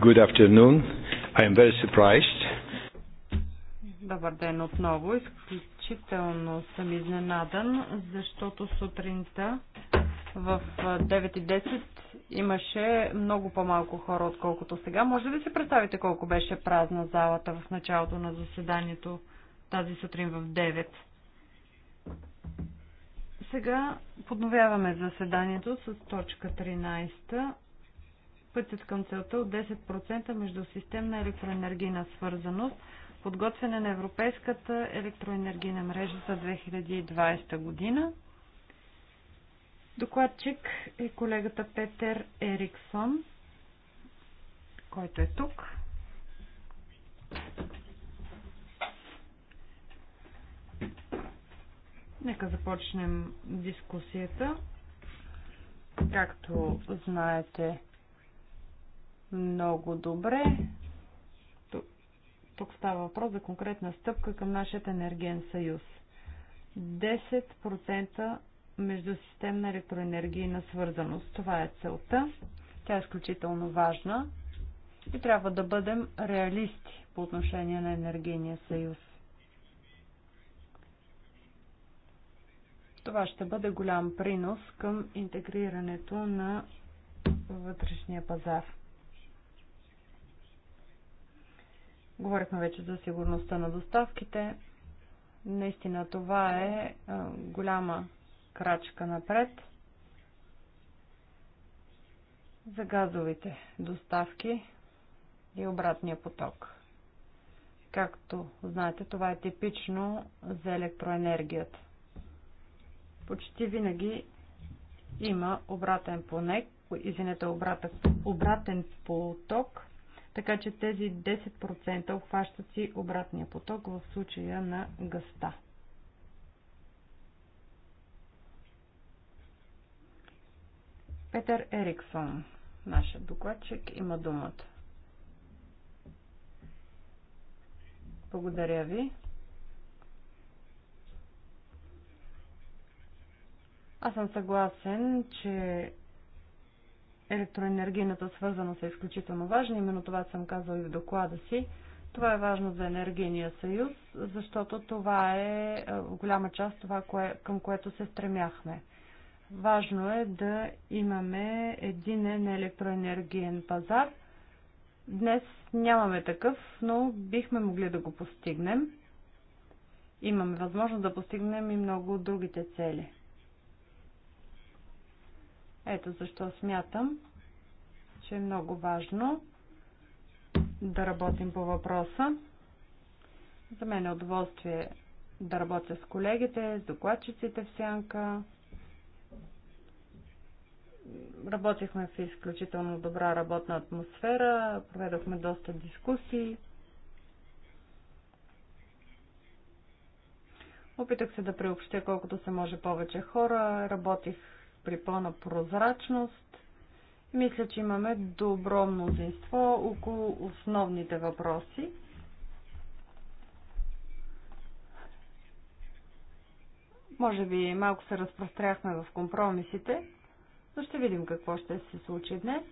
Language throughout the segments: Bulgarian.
Good afternoon. I am very surprised. Добър ден отново. Изключително съм изненадан, защото сутринта в 9.10 имаше много по-малко хора, отколкото сега. Може ли да си представите колко беше празна залата в началото на заседанието тази сутрин в 9? Сега подновяваме заседанието с точка 13 Пътят към целта от 10% между системна електроенергийна свързаност, подготвяне на Европейската електроенергийна мрежа за 2020 година. Докладчик е колегата Петър Ериксон, който е тук. Нека започнем дискусията. Както знаете, много добре. Тук става въпрос за конкретна стъпка към нашия енерген съюз. 10% междусистемна електроенергийна свързаност. Това е целта. Тя е изключително важна и трябва да бъдем реалисти по отношение на енергийния съюз. Това ще бъде голям принос към интегрирането на вътрешния пазар. Говорихме вече за сигурността на доставките. Наистина това е, е голяма крачка напред за газовите доставки и обратния поток. Както знаете, това е типично за електроенергията. Почти винаги има обратен понек, извинете, обратък, обратен поток така че тези 10% обхващат си обратния поток в случая на гъста. Петър Ериксон, нашия докладчик, има думата. Благодаря ви. Аз съм съгласен, че електроенергийната свързаност е изключително важна. Именно това съм казал и в доклада си. Това е важно за енергийния съюз, защото това е, е голяма част това, кое, към което се стремяхме. Важно е да имаме единен електроенергиен пазар. Днес нямаме такъв, но бихме могли да го постигнем. Имаме възможност да постигнем и много другите цели. Ето защо смятам, че е много важно да работим по въпроса. За мен е удоволствие да работя с колегите, с докладчиците в сянка. Работихме в изключително добра работна атмосфера, проведохме доста дискусии. Опитах се да приобщя колкото се може повече хора, работих при пълна прозрачност. Мисля, че имаме добро мнозинство около основните въпроси. Може би малко се разпростряхме в компромисите, но ще видим какво ще се случи днес.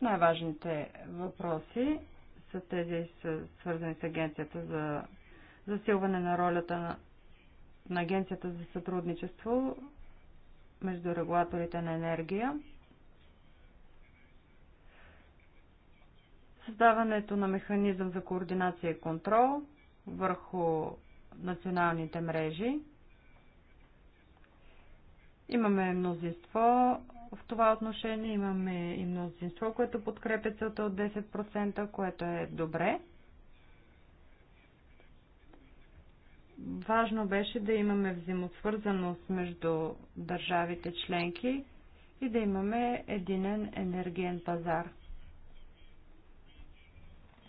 Най-важните въпроси са тези свързани с Агенцията за засилване на ролята на, на Агенцията за сътрудничество между регулаторите на енергия, създаването на механизъм за координация и контрол върху националните мрежи. Имаме мнозинство в това отношение, имаме и мнозинство, което подкрепя целта от 10%, което е добре. Важно беше да имаме взаимосвързаност между държавите членки и да имаме единен енергиен пазар.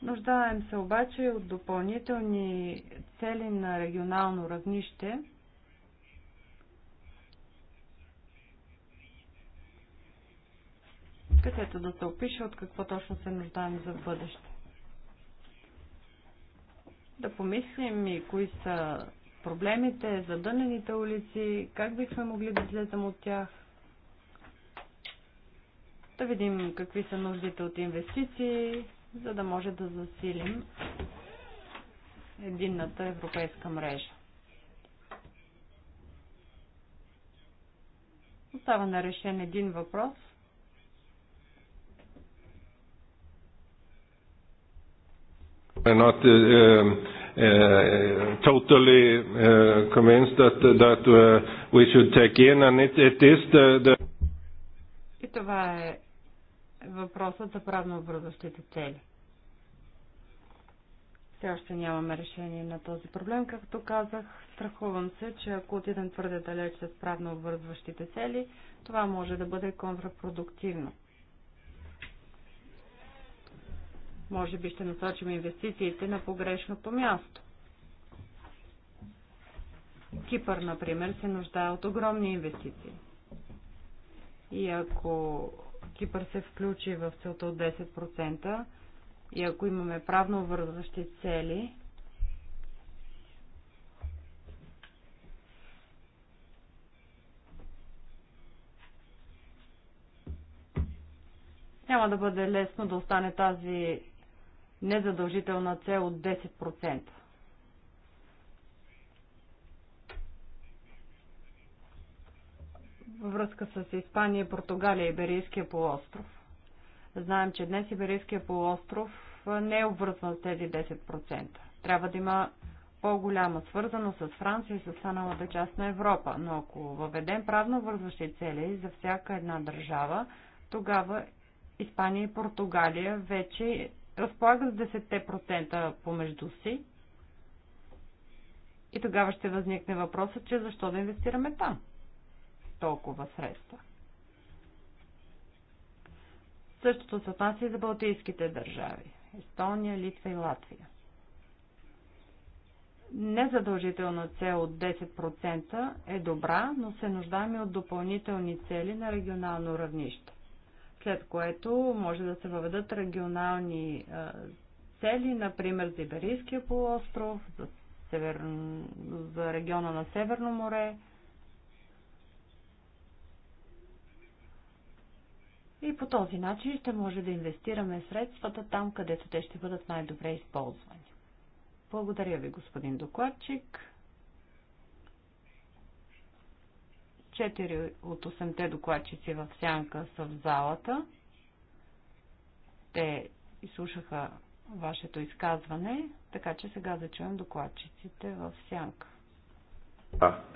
Нуждаем се обаче от допълнителни цели на регионално равнище, където да се опише от какво точно се нуждаем за бъдеще да помислим и кои са проблемите, задънените улици, как бихме могли да излезем от тях. Да видим какви са нуждите от инвестиции, за да може да засилим единната европейска мрежа. Остава нарешен един въпрос – Not, uh, um, uh, totally uh, convinced that, that uh, we should take in and it, it is the, the... И това е въпросът за правно цели. Все още нямаме решение на този проблем. Както казах, страхувам се, че ако отидем твърде далеч с правно цели, това може да бъде контрапродуктивно. Може би ще насочим инвестициите на погрешното място. Кипър, например, се нуждае от огромни инвестиции. И ако Кипър се включи в целта от 10%, и ако имаме правно вързващи цели, няма да бъде лесно да остане тази незадължителна цел от 10%. връзка с Испания, Португалия и Берийския полуостров. Знаем, че днес Иберийския полуостров не е обвързан с тези 10%. Трябва да има по-голяма свързаност с Франция и с останалата част на Европа. Но ако въведем правно вързващи цели за всяка една държава, тогава Испания и Португалия вече разполагам с 10% помежду си. И тогава ще възникне въпросът, че защо да инвестираме там толкова средства. Същото се отнася и за балтийските държави Естония, Литва и Латвия. Незадължителна цел от 10% е добра, но се нуждаме от допълнителни цели на регионално равнище след което може да се въведат регионални цели, например за Иберийския полуостров, за, север... за региона на Северно море. И по този начин ще може да инвестираме средствата там, където те ще бъдат най-добре използвани. Благодаря ви, господин докладчик. Четири от 8-те докладчици в сянка са в залата. Те изслушаха вашето изказване, така че сега да чуем докладчиците в сянка.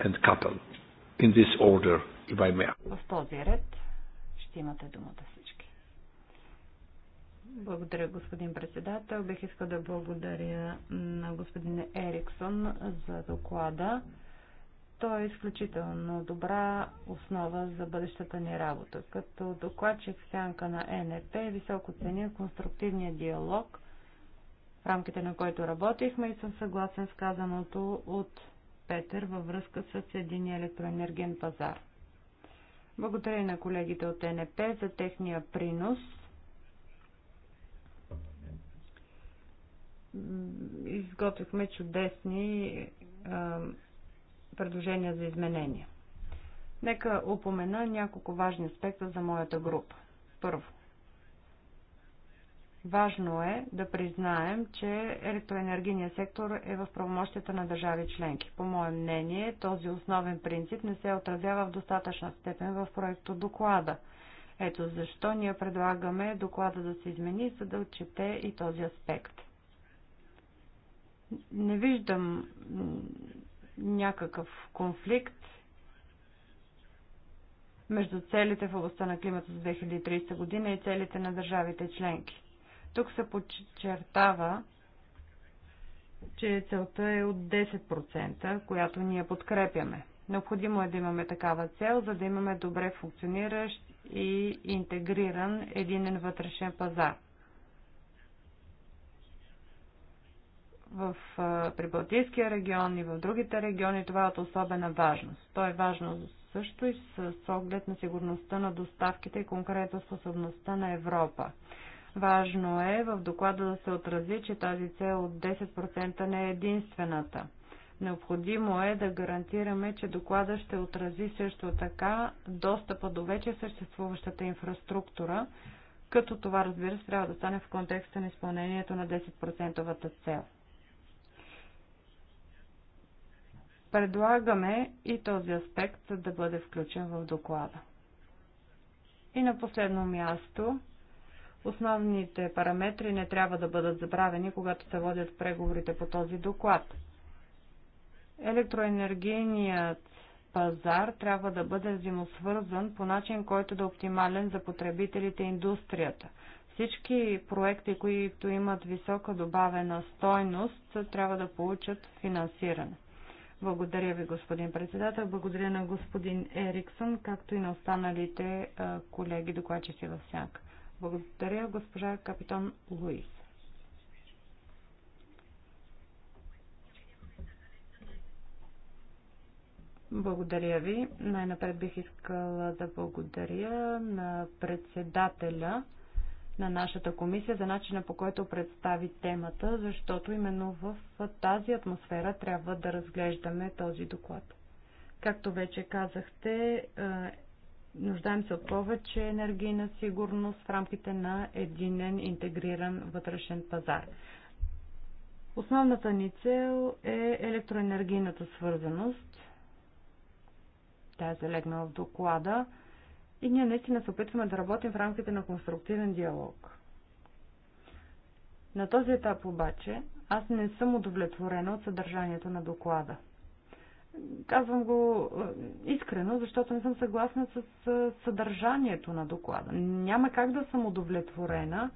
And couple. In this order, if I may. В този ред ще имате думата всички. Благодаря, господин председател. Бих искал да благодаря на господин Ериксон за доклада то е изключително добра основа за бъдещата ни работа. Като докладчик в сянка на НЕП високо ценя конструктивния диалог, в рамките на който работихме и съм съгласен с казаното от Петър във връзка с единия електроенерген пазар. Благодаря на колегите от НП за техния принос. Изготвихме чудесни предложения за изменения. Нека упомена няколко важни аспекта за моята група. Първо, Важно е да признаем, че електроенергийният сектор е в правомощията на държави членки. По мое мнение, този основен принцип не се отразява в достатъчна степен в проекто доклада. Ето защо ние предлагаме доклада да се измени, за да отчете и този аспект. Не виждам някакъв конфликт между целите в областта на климата за 2030 година и целите на държавите членки. Тук се подчертава, че целта е от 10%, която ние подкрепяме. Необходимо е да имаме такава цел, за да имаме добре функциониращ и интегриран единен вътрешен пазар. в Прибалтийския регион и в другите региони това е от особена важност. То е важно също и с оглед на сигурността на доставките и конкретно способността на Европа. Важно е в доклада да се отрази, че тази цел от 10% не е единствената. Необходимо е да гарантираме, че доклада ще отрази също така достъпа до вече съществуващата инфраструктура, като това, разбира се, трябва да стане в контекста на изпълнението на 10 цел. Предлагаме и този аспект да бъде включен в доклада. И на последно място, основните параметри не трябва да бъдат забравени, когато се водят преговорите по този доклад. Електроенергийният пазар трябва да бъде взаимосвързан по начин, който да е оптимален за потребителите и индустрията. Всички проекти, които имат висока добавена стойност, трябва да получат финансиране. Благодаря ви, господин председател. Благодаря на господин Ериксон, както и на останалите колеги докладчици в сянка. Благодаря, госпожа капитан Луис. Благодаря ви. Най-напред бих искала да благодаря на председателя на нашата комисия за начина по който представи темата, защото именно в тази атмосфера трябва да разглеждаме този доклад. Както вече казахте, е, нуждаем се от повече енергийна сигурност в рамките на единен интегриран вътрешен пазар. Основната ни цел е електроенергийната свързаност. Тя е залегнала в доклада. И ние наистина се опитваме да работим в рамките на конструктивен диалог. На този етап обаче аз не съм удовлетворена от съдържанието на доклада. Казвам го е, искрено, защото не съм съгласна с е, съдържанието на доклада. Няма как да съм удовлетворена,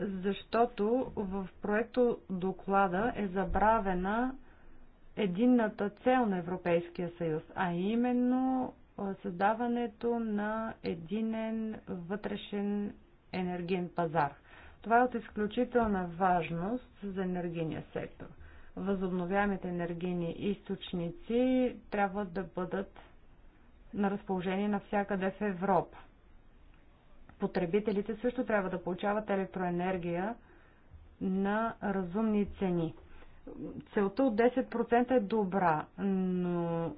защото в проекто доклада е забравена единната цел на Европейския съюз, а именно е, създаването на единен вътрешен енергиен пазар. Това е от изключителна важност за енергийния сектор. Възобновяемите енергийни източници трябва да бъдат на разположение навсякъде в Европа. Потребителите също трябва да получават електроенергия на разумни цени – целта от 10% е добра, но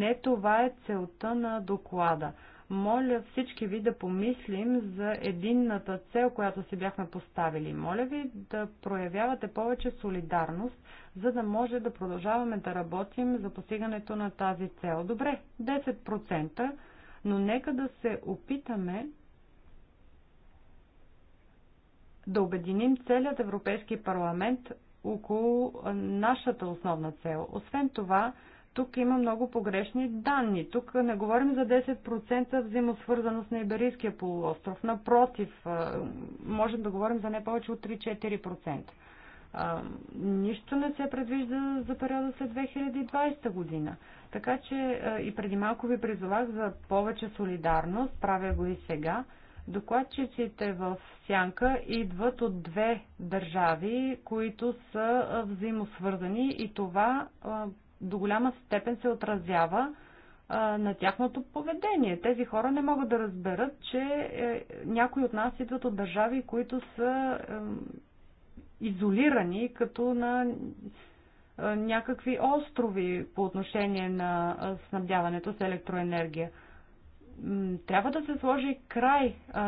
не това е целта на доклада. Моля всички ви да помислим за единната цел, която си бяхме поставили. Моля ви да проявявате повече солидарност, за да може да продължаваме да работим за постигането на тази цел. Добре, 10%, но нека да се опитаме да обединим целият Европейски парламент около нашата основна цел. Освен това, тук има много погрешни данни. Тук не говорим за 10% взаимосвързаност на Иберийския полуостров. Напротив, можем да говорим за не повече от 3-4%. Нищо не се предвижда за периода след 2020 година. Така че и преди малко ви призовах за повече солидарност, правя го и сега. Докладчиците в Сянка идват от две държави, които са взаимосвързани и това до голяма степен се отразява на тяхното поведение. Тези хора не могат да разберат, че е, някои от нас идват от държави, които са изолирани като на е, някакви острови по отношение на е, снабдяването с електроенергия трябва да се сложи край а,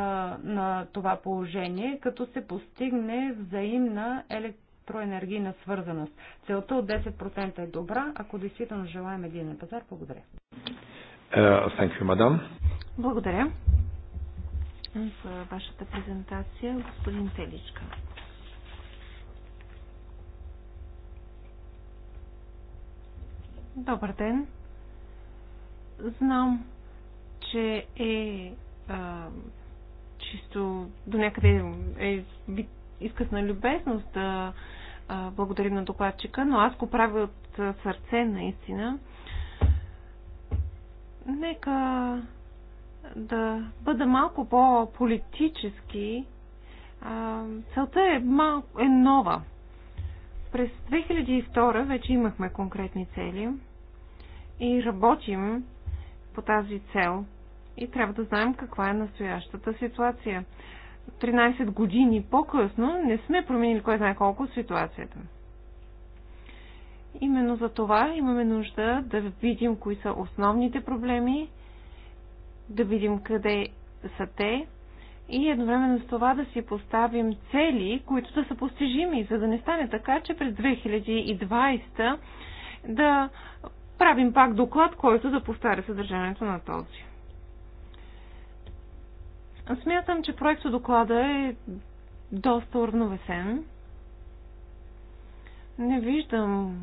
на това положение, като се постигне взаимна електроенергийна свързаност. Целта от 10% е добра, ако действително желаем един пазар. Благодаря. Uh, madam. Благодаря за вашата презентация, господин Теличка. Добър ден. Знам, че е а, чисто до някъде е изкъсна любезност да а, благодарим на докладчика, но аз го правя от сърце наистина. Нека да бъда малко по-политически. целта е, мал... е нова. През 2002 вече имахме конкретни цели и работим по тази цел – и трябва да знаем каква е настоящата ситуация. 13 години по-късно не сме променили кой знае колко ситуацията. Именно за това имаме нужда да видим кои са основните проблеми, да видим къде са те и едновременно с това да си поставим цели, които да са постижими, за да не стане така, че през 2020 да правим пак доклад, който да повтаря съдържанието на този. Смятам, че проекто доклада е доста уравновесен. Не виждам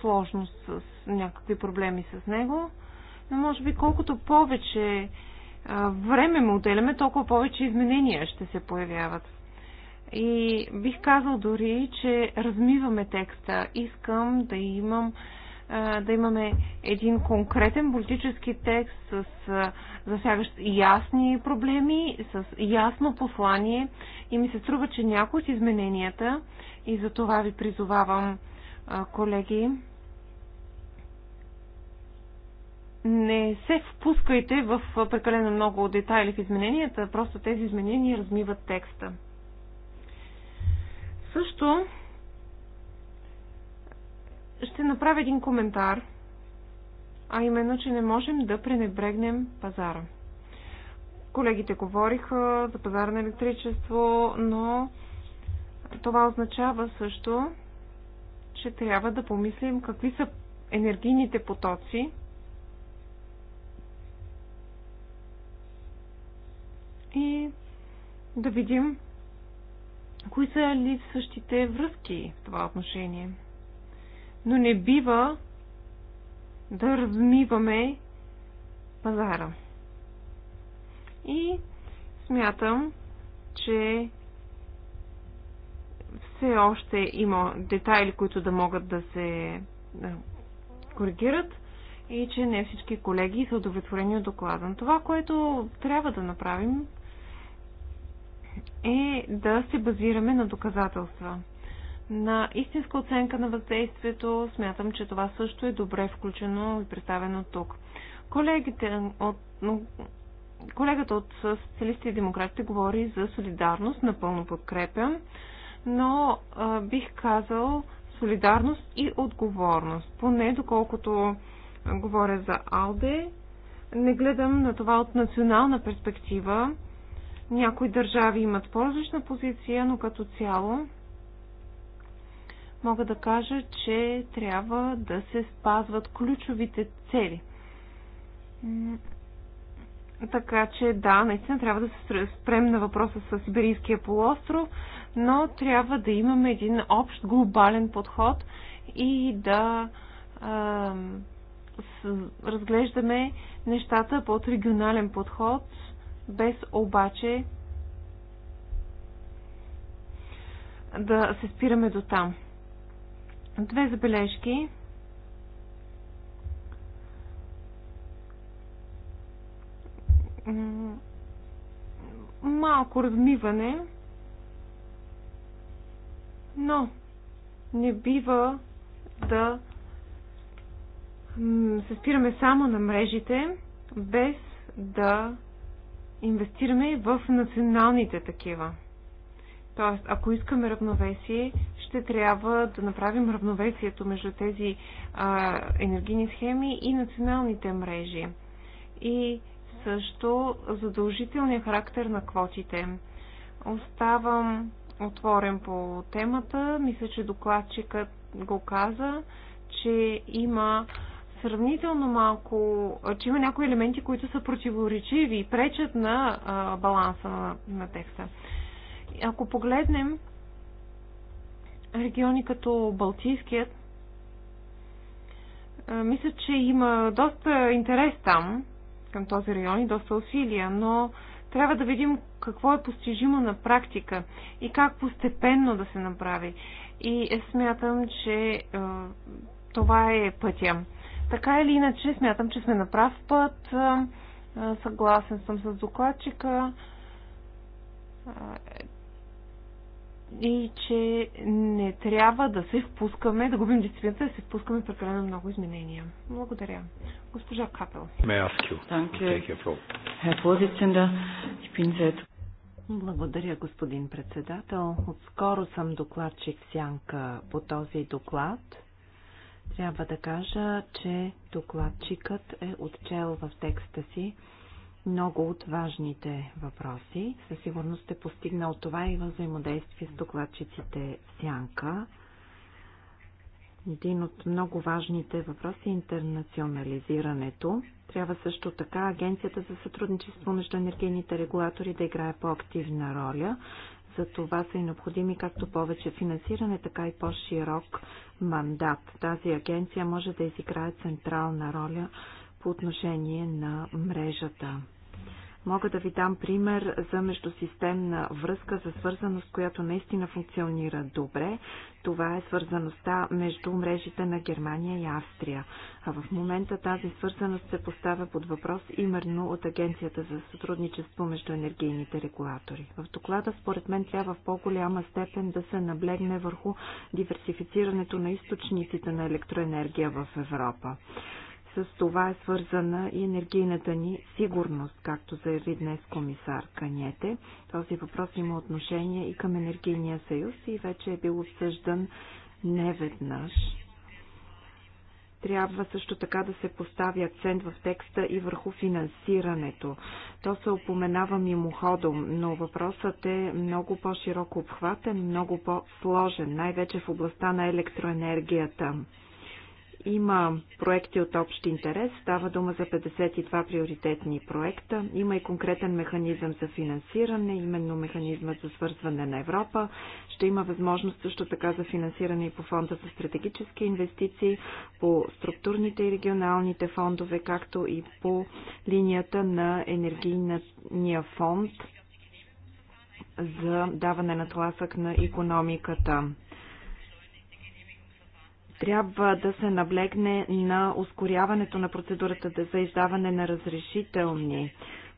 сложност с някакви проблеми с него, но може би колкото повече време му отделяме, толкова повече изменения ще се появяват. И бих казал дори, че размиваме текста. Искам да имам да имаме един конкретен политически текст с засягащ ясни проблеми, с ясно послание и ми се струва, че някои от измененията и за това ви призовавам, колеги, не се впускайте в прекалено много детайли в измененията, просто тези изменения размиват текста. Също ще направя един коментар, а именно, че не можем да пренебрегнем пазара. Колегите говориха за пазар на електричество, но това означава също, че трябва да помислим какви са енергийните потоци, и да видим кои са липсващите връзки в това отношение но не бива да размиваме пазара. И смятам, че все още има детайли, които да могат да се да, коригират и че не всички колеги са удовлетворени от доклада. Това, което трябва да направим е да се базираме на доказателства на истинска оценка на въздействието. Смятам, че това също е добре включено и представено тук. Колегите от, колегата от социалисти и демократите говори за солидарност, напълно подкрепям, но а, бих казал солидарност и отговорност. Поне доколкото говоря за АЛДЕ, не гледам на това от национална перспектива. Някои държави имат по-различна позиция, но като цяло мога да кажа, че трябва да се спазват ключовите цели. Така че да, наистина трябва да се спрем на въпроса с Сибирийския полуостров, но трябва да имаме един общ глобален подход и да е, разглеждаме нещата под регионален подход, без обаче да се спираме до там. Две забележки. Малко размиване, но не бива да се спираме само на мрежите, без да инвестираме в националните такива. Тоест, ако искаме равновесие, ще трябва да направим равновесието между тези а, енергийни схеми и националните мрежи. И също задължителния характер на квотите. Оставам отворен по темата. Мисля, че докладчикът го каза, че има сравнително малко, че има някои елементи, които са противоречиви и пречат на а, баланса на, на текста. Ако погледнем региони като Балтийският, мисля, че има доста интерес там, към този район и доста усилия, но трябва да видим какво е постижимо на практика и как постепенно да се направи. И е, смятам, че е, това е пътя. Така или иначе, смятам, че сме на прав път. Е, съгласен съм с докладчика и че не трябва да се впускаме, да губим дисциплината, да се впускаме в прекалено много изменения. Благодаря. Госпожа Капел. Благодаря, господин председател. Отскоро съм докладчик Сянка по този доклад. Трябва да кажа, че докладчикът е отчел в текста си много от важните въпроси. Със сигурност сте постигнал това и във взаимодействие с докладчиците в Сянка. Един от много важните въпроси е интернационализирането. Трябва също така Агенцията за сътрудничество между енергийните регулатори да играе по-активна роля. За това са и необходими както повече финансиране, така и по-широк мандат. Тази агенция може да изиграе централна роля по отношение на мрежата. Мога да ви дам пример за междусистемна връзка, за свързаност, която наистина функционира добре. Това е свързаността между мрежите на Германия и Австрия. А в момента тази свързаност се поставя под въпрос именно от Агенцията за сътрудничество между енергийните регулатори. В доклада, според мен, трябва в по-голяма степен да се наблегне върху диверсифицирането на източниците на електроенергия в Европа с това е свързана и енергийната ни сигурност, както заяви днес комисар Каньете. Този въпрос има отношение и към енергийния съюз и вече е бил обсъждан неведнъж. Трябва също така да се постави акцент в текста и върху финансирането. То се опоменава мимоходом, но въпросът е много по-широко обхватен, много по-сложен, най-вече в областта на електроенергията има проекти от общ интерес, става дума за 52 приоритетни проекта. Има и конкретен механизъм за финансиране, именно механизма за свързване на Европа. Ще има възможност също така за финансиране и по фонда за стратегически инвестиции, по структурните и регионалните фондове, както и по линията на енергийния фонд за даване на тласък на економиката. Трябва да се наблегне на ускоряването на процедурата за издаване на разрешителни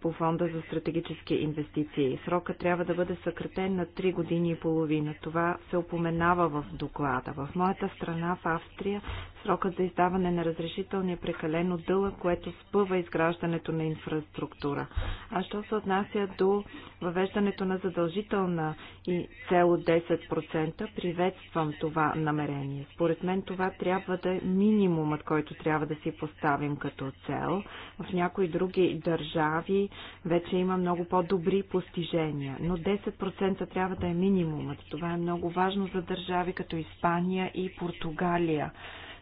по фонда за стратегически инвестиции. Срока трябва да бъде съкратен на 3 години и половина. Това се упоменава в доклада. В моята страна, в Австрия, срокът за издаване на разрешителни е прекалено дълъг, което спъва изграждането на инфраструктура. А що се отнася до въвеждането на задължителна и цел от 10%, приветствам това намерение. Според мен това трябва да е минимумът, който трябва да си поставим като цел. В някои други държави вече има много по-добри постижения, но 10% трябва да е минимумът. Това е много важно за държави като Испания и Португалия.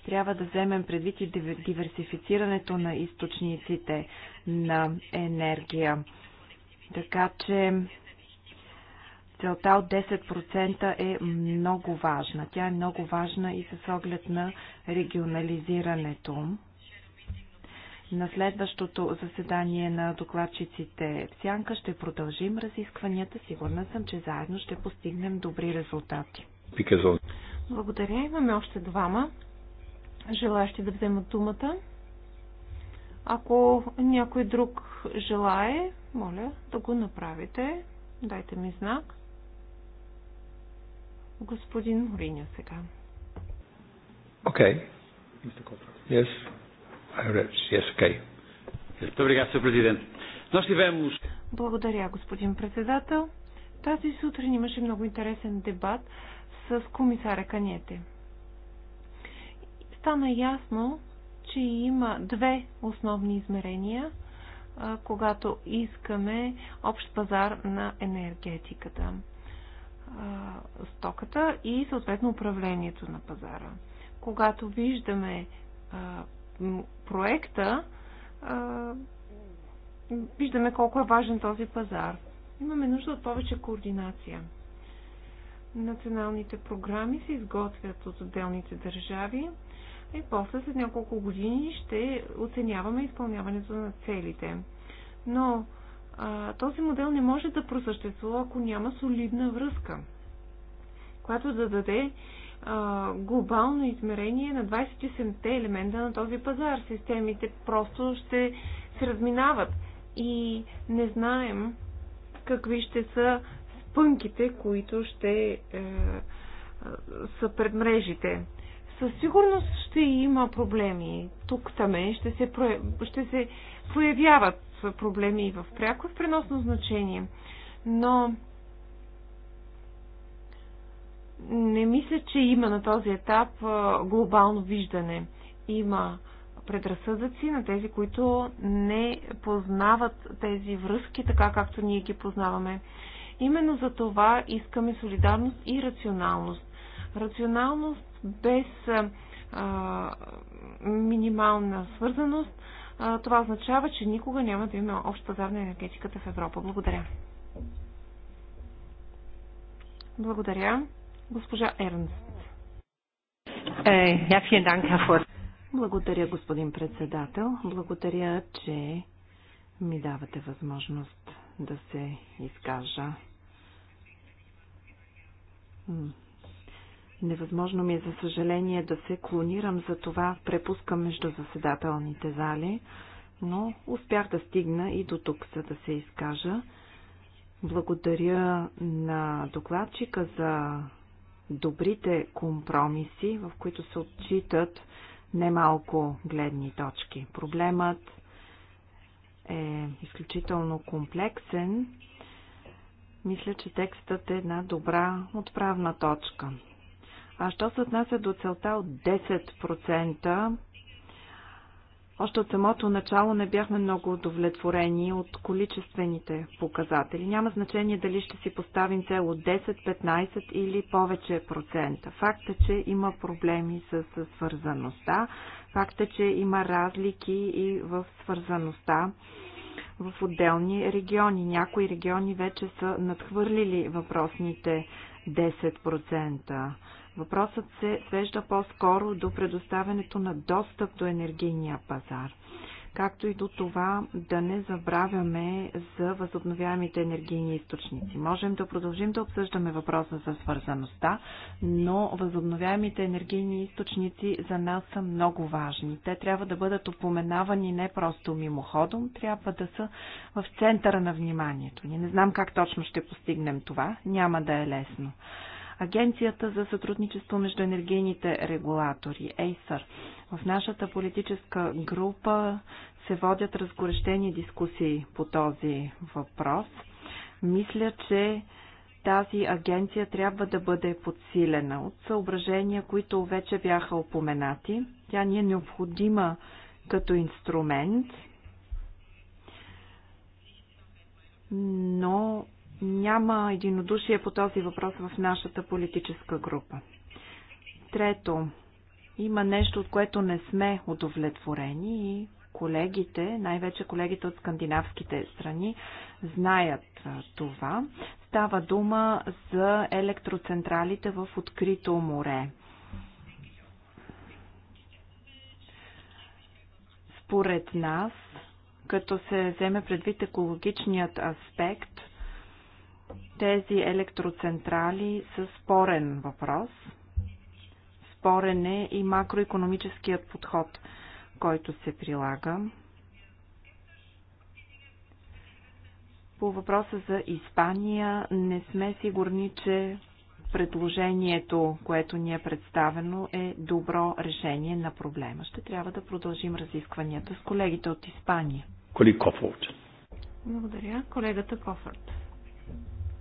Трябва да вземем предвид и диверсифицирането на източниците на енергия. Така че целта от 10% е много важна. Тя е много важна и с оглед на регионализирането. На следващото заседание на докладчиците в Сянка ще продължим разискванията. Сигурна съм, че заедно ще постигнем добри резултати. Пиказон. Благодаря. Имаме още двама желаящи да вземат думата. Ако някой друг желае, моля да го направите. Дайте ми знак. Господин Мориня сега. Окей. Okay. Yes. Благодаря, господин председател. Тази сутрин имаше много интересен дебат с комисаря Каниете. Стана ясно, че има две основни измерения, когато искаме общ пазар на енергетиката, стоката и съответно управлението на пазара. Когато виждаме проекта, виждаме колко е важен този пазар. Имаме нужда от повече координация. Националните програми се изготвят от отделните държави и после след няколко години ще оценяваме изпълняването на целите. Но а, този модел не може да просъществува, ако няма солидна връзка, която да даде а, глобално измерение на 27-те елемента на този пазар. Системите просто ще се разминават и не знаем какви ще са спънките, които ще е, е, са пред мрежите. Със сигурност ще има проблеми. Тук таме ще се, про... ще се появяват проблеми и в пряко и в преносно значение. Но не мисля, че има на този етап глобално виждане. Има предразсъдъци на тези, които не познават тези връзки така, както ние ги познаваме. Именно за това искаме солидарност и рационалност. Рационалност без а, минимална свързаност, а, това означава, че никога няма да има общ пазар на енергетиката в Европа. Благодаря. Благодаря. Госпожа Ернст. Е, Благодаря, господин председател. Благодаря, че ми давате възможност да се изкажа. Невъзможно ми е, за съжаление, да се клонирам, за това препускам между заседателните зали, но успях да стигна и до тук, за да се изкажа. Благодаря на докладчика за добрите компромиси, в които се отчитат немалко гледни точки. Проблемът е изключително комплексен. Мисля, че текстът е една добра отправна точка. А що се отнася до целта от 10%, още от самото начало не бяхме много удовлетворени от количествените показатели. Няма значение дали ще си поставим цел от 10, 15 или повече процента. Факт е, че има проблеми с свързаността. Факт е, че има разлики и в свързаността в отделни региони. Някои региони вече са надхвърлили въпросните 10%. Въпросът се свежда по-скоро до предоставянето на достъп до енергийния пазар, както и до това да не забравяме за възобновяемите енергийни източници. Можем да продължим да обсъждаме въпроса за свързаността, но възобновяемите енергийни източници за нас са много важни. Те трябва да бъдат упоменавани не просто мимоходом, трябва да са в центъра на вниманието. не знам как точно ще постигнем това, няма да е лесно. Агенцията за сътрудничество между енергийните регулатори, Acer. В нашата политическа група се водят разгорещени дискусии по този въпрос. Мисля, че тази агенция трябва да бъде подсилена от съображения, които вече бяха упоменати. Тя ни е необходима като инструмент, но няма единодушие по този въпрос в нашата политическа група. Трето, има нещо, от което не сме удовлетворени и колегите, най-вече колегите от скандинавските страни, знаят това. Става дума за електроцентралите в открито море. Според нас, като се вземе предвид екологичният аспект, тези електроцентрали са спорен въпрос. Спорен е и макроекономическият подход, който се прилага. По въпроса за Испания не сме сигурни, че предложението, което ни е представено, е добро решение на проблема. Ще трябва да продължим разискванията с колегите от Испания. Коли Кофорт. Благодаря. Колегата Кофорт.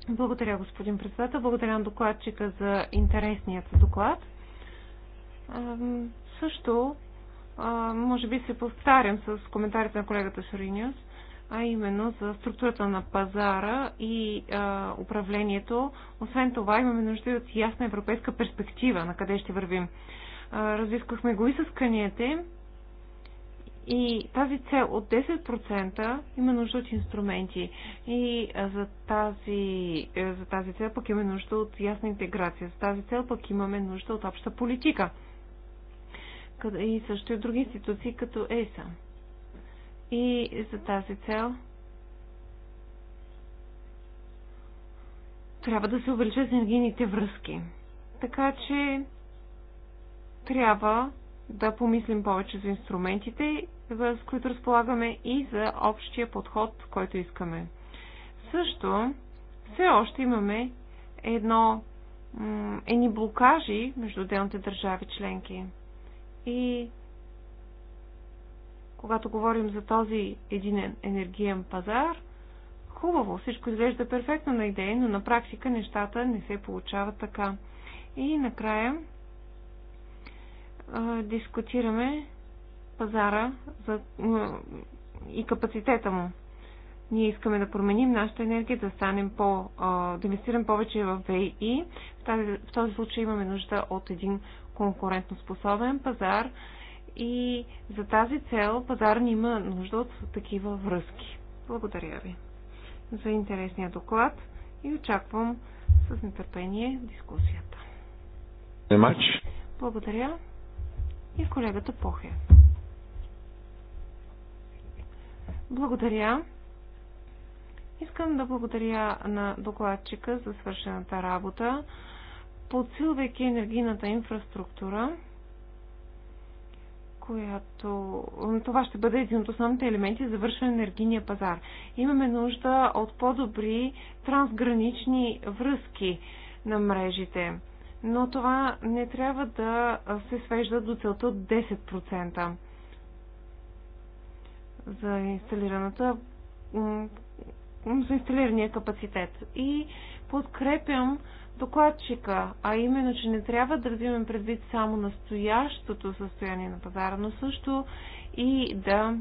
Благодаря, господин председател. Благодаря на докладчика за интересният доклад. Също, може би се повтарям с коментарите на колегата Шориниус, а именно за структурата на пазара и управлението. Освен това, имаме нужда и от ясна европейска перспектива на къде ще вървим. А, разисквахме го и с каниете, и тази цел от 10% има нужда от инструменти. И за тази, е, за тази цел пък имаме нужда от ясна интеграция. За тази цел пък имаме нужда от обща политика. И също и други институции като ЕСА. И за тази цел трябва да се увеличат енергийните връзки. Така че трябва да помислим повече за инструментите, с които разполагаме и за общия подход, който искаме. Също все още имаме едно, едни блокажи между отделните държави членки. И когато говорим за този един енергиен пазар, хубаво, всичко изглежда перфектно на идея, но на практика нещата не се получават така. И накрая дискутираме пазара за, и капацитета му. Ние искаме да променим нашата енергия, да станем по, да инвестираме повече в ВИ. В, тази, в този случай имаме нужда от един конкурентоспособен пазар и за тази цел пазар ни има нужда от такива връзки. Благодаря ви за интересния доклад и очаквам с нетърпение дискусията. Благодаря и в колегата Похе. Благодаря. Искам да благодаря на докладчика за свършената работа, подсилвайки енергийната инфраструктура, която това ще бъде един от основните елементи за завършване на енергийния пазар. Имаме нужда от по-добри трансгранични връзки на мрежите но това не трябва да се свежда до целта от 10% за инсталираната за инсталирания капацитет. И подкрепям докладчика, а именно, че не трябва да взимем предвид само настоящото състояние на пазара, но също и да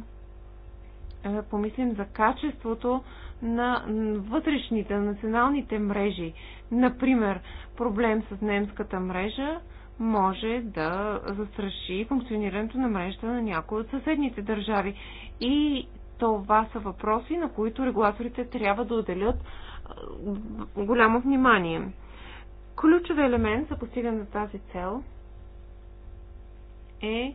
е, помислим за качеството на вътрешните, националните мрежи. Например, проблем с немската мрежа може да застраши функционирането на мрежата на някои от съседните държави. И това са въпроси, на които регулаторите трябва да отделят голямо внимание. Ключов елемент за постигане на тази цел е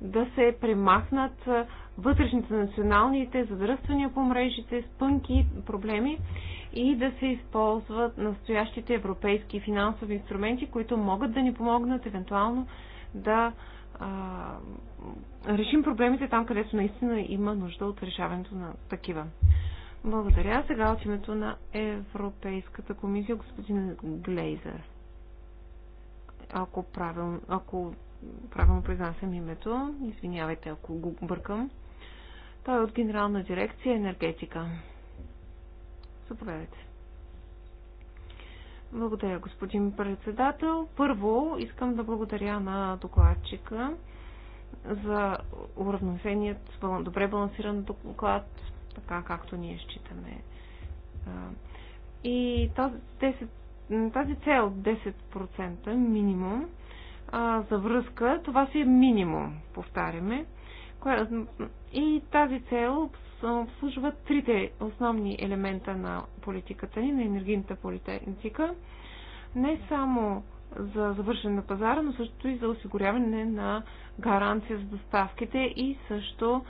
да се премахнат вътрешните националните задръствания по мрежите, спънки, проблеми и да се използват настоящите европейски финансови инструменти, които могат да ни помогнат евентуално да а, решим проблемите там, където наистина има нужда от решаването на такива. Благодаря. Сега от името на Европейската комисия господин Глейзер. Ако правилно, ако правилно произнасям името, извинявайте ако го бъркам. Той е от Генерална дирекция енергетика. Заповядайте. Благодаря, господин председател. Първо искам да благодаря на докладчика за уравновеният, добре балансиран доклад, така както ние считаме. И тази, 10, тази цел 10% минимум за връзка, това си е минимум, повтаряме. И тази цел обслужва трите основни елемента на политиката ни, на енергийната политика. Не само за завършен на пазара, но също и за осигуряване на гаранция за доставките и също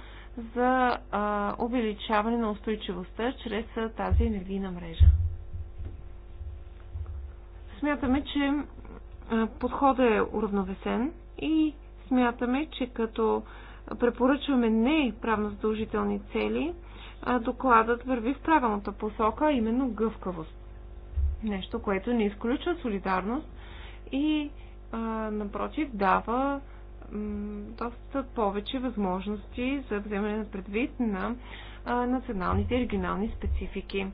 за а, увеличаване на устойчивостта чрез тази енергийна мрежа. Смятаме, че подходът е уравновесен и смятаме, че като препоръчваме не правно задължителни цели, а докладът върви в правилната посока, именно гъвкавост. Нещо, което не изключва солидарност и а, напротив дава доста повече възможности за вземане на предвид на а, националните и регионални специфики.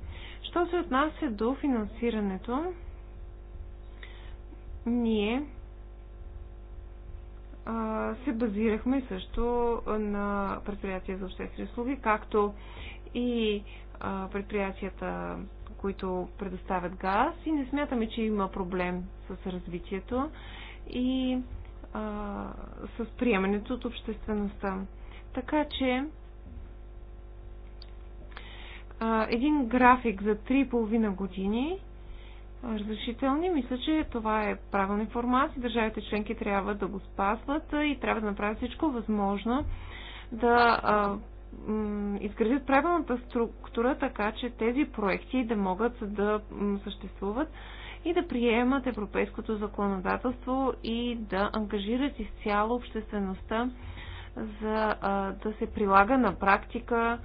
Що се отнася до финансирането, ние се базирахме също на предприятия за обществени услуги, както и предприятията, които предоставят газ и не смятаме, че има проблем с развитието и а, с приемането от обществеността. Така че а, един график за 3,5 години разрешителни. Мисля, че това е правилна информация. Държавите членки трябва да го спазват и трябва да направят всичко възможно да а, изградят правилната структура, така че тези проекти да могат да съществуват и да приемат европейското законодателство и да ангажират изцяло обществеността за а, да се прилага на практика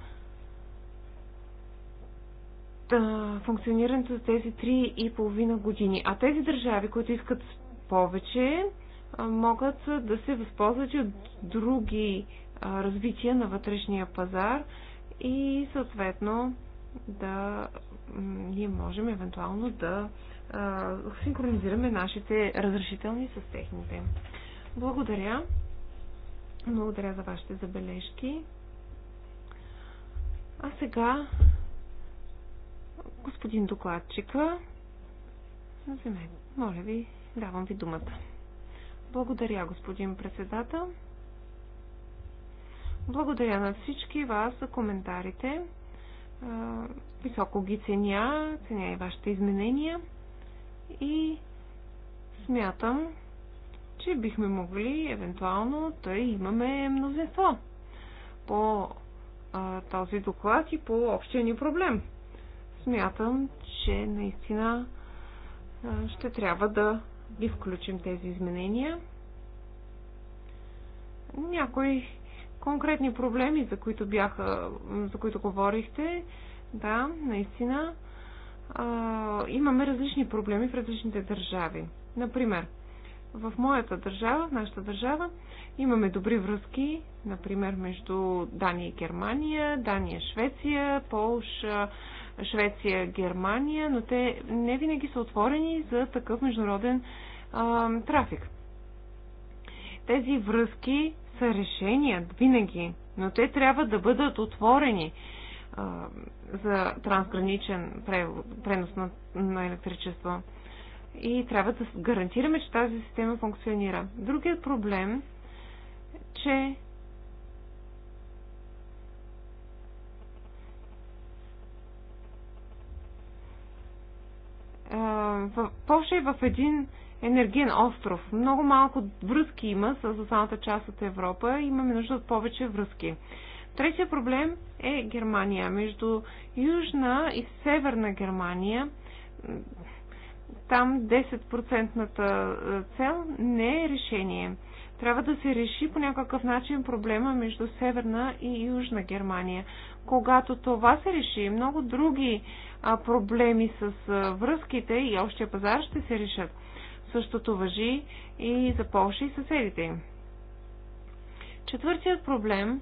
функционирането за тези 3,5 години. А тези държави, които искат повече, могат да се възползват и от други развития на вътрешния пазар и съответно да ние можем евентуално да синхронизираме нашите разрешителни с техните. Благодаря. Благодаря за вашите забележки. А сега господин докладчика. Вземете, моля ви, давам ви думата. Благодаря, господин председател. Благодаря на всички вас за коментарите. Високо ги ценя, ценя и вашите изменения. И смятам, че бихме могли, евентуално, да имаме мнозинство по а, този доклад и по общия ни проблем смятам, че наистина ще трябва да ги включим тези изменения. Някои конкретни проблеми, за които, бяха, за които говорихте, да, наистина, а, имаме различни проблеми в различните държави. Например, в моята държава, в нашата държава, имаме добри връзки, например, между Дания и Германия, Дания, Швеция, Полша, Швеция, Германия, но те не винаги са отворени за такъв международен а, трафик. Тези връзки са решения винаги, но те трябва да бъдат отворени а, за трансграничен пренос на, на електричество. И трябва да гарантираме, че тази система функционира. Другият проблем, че в Польша е в един енергиен остров. Много малко връзки има с останалата част от Европа. и Имаме нужда от повече връзки. Третия проблем е Германия. Между Южна и Северна Германия там 10 цел не е решение. Трябва да се реши по някакъв начин проблема между Северна и Южна Германия. Когато това се реши, много други проблеми с връзките и общия пазар ще се решат. Същото въжи и за Польша и съседите им. Четвъртият проблем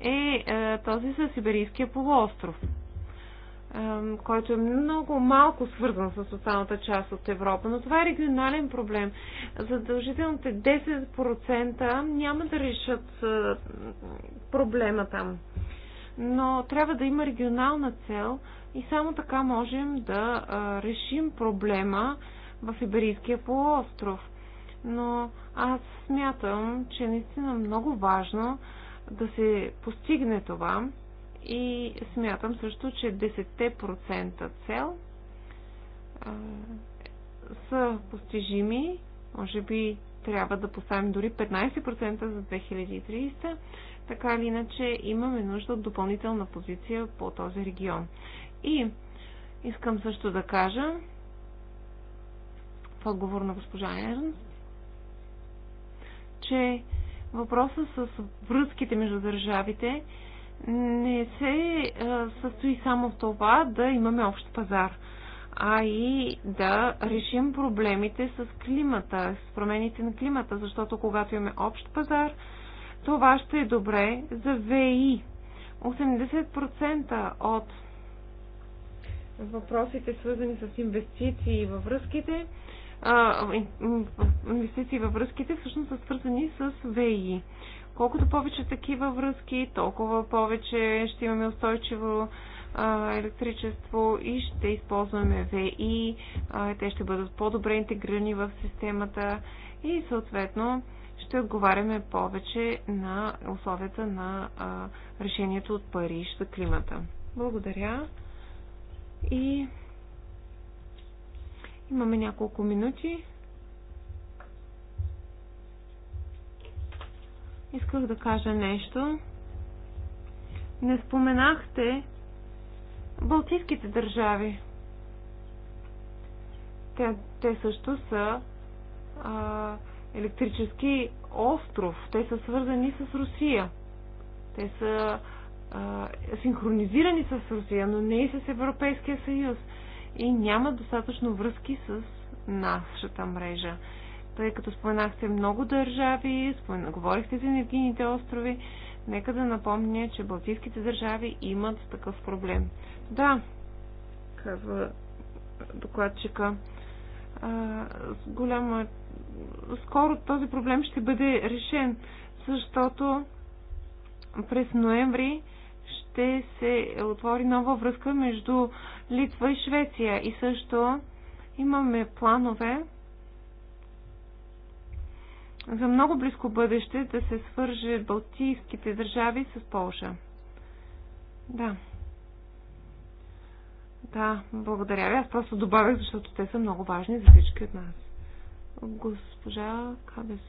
е, е този със Сибирийския полуостров който е много малко свързан с останалата част от Европа. Но това е регионален проблем. Задължителните 10% няма да решат проблема там. Но трябва да има регионална цел и само така можем да решим проблема в Иберийския полуостров. Но аз смятам, че е наистина много важно да се постигне това и смятам също, че 10% цел са постижими. Може би трябва да поставим дори 15% за 2300. Така или иначе имаме нужда от допълнителна позиция по този регион. И искам също да кажа в отговор на госпожа Ерн, че въпросът с връзките между държавите не се състои само в това да имаме общ пазар, а и да решим проблемите с климата, с промените на климата, защото когато имаме общ пазар, това ще е добре за ВИ. 80% от въпросите, свързани с инвестиции във връзките, инвестиции във връзките всъщност са свързани с ВИ. Колкото повече такива връзки, толкова повече ще имаме устойчиво електричество и ще използваме ВИ. Те ще бъдат по-добре интегрирани в системата и съответно ще отговаряме повече на условията на решението от Париж за климата. Благодаря. И имаме няколко минути Исках да кажа нещо. Не споменахте Балтийските държави. Те, те също са а, електрически остров. Те са свързани с Русия. Те са а, синхронизирани с Русия, но не и с Европейския съюз. И няма достатъчно връзки с нашата мрежа тъй като споменахте много държави, спомен... говорихте за енергийните острови, нека да напомня, че балтийските държави имат такъв проблем. Да, казва докладчика, а, с голяма... скоро този проблем ще бъде решен, защото през ноември ще се отвори нова връзка между Литва и Швеция и също имаме планове за много близко бъдеще да се свърже Балтийските държави с Полша. Да. Да, благодаря ви. Аз просто добавях, защото те са много важни за всички от нас. Госпожа Кабес.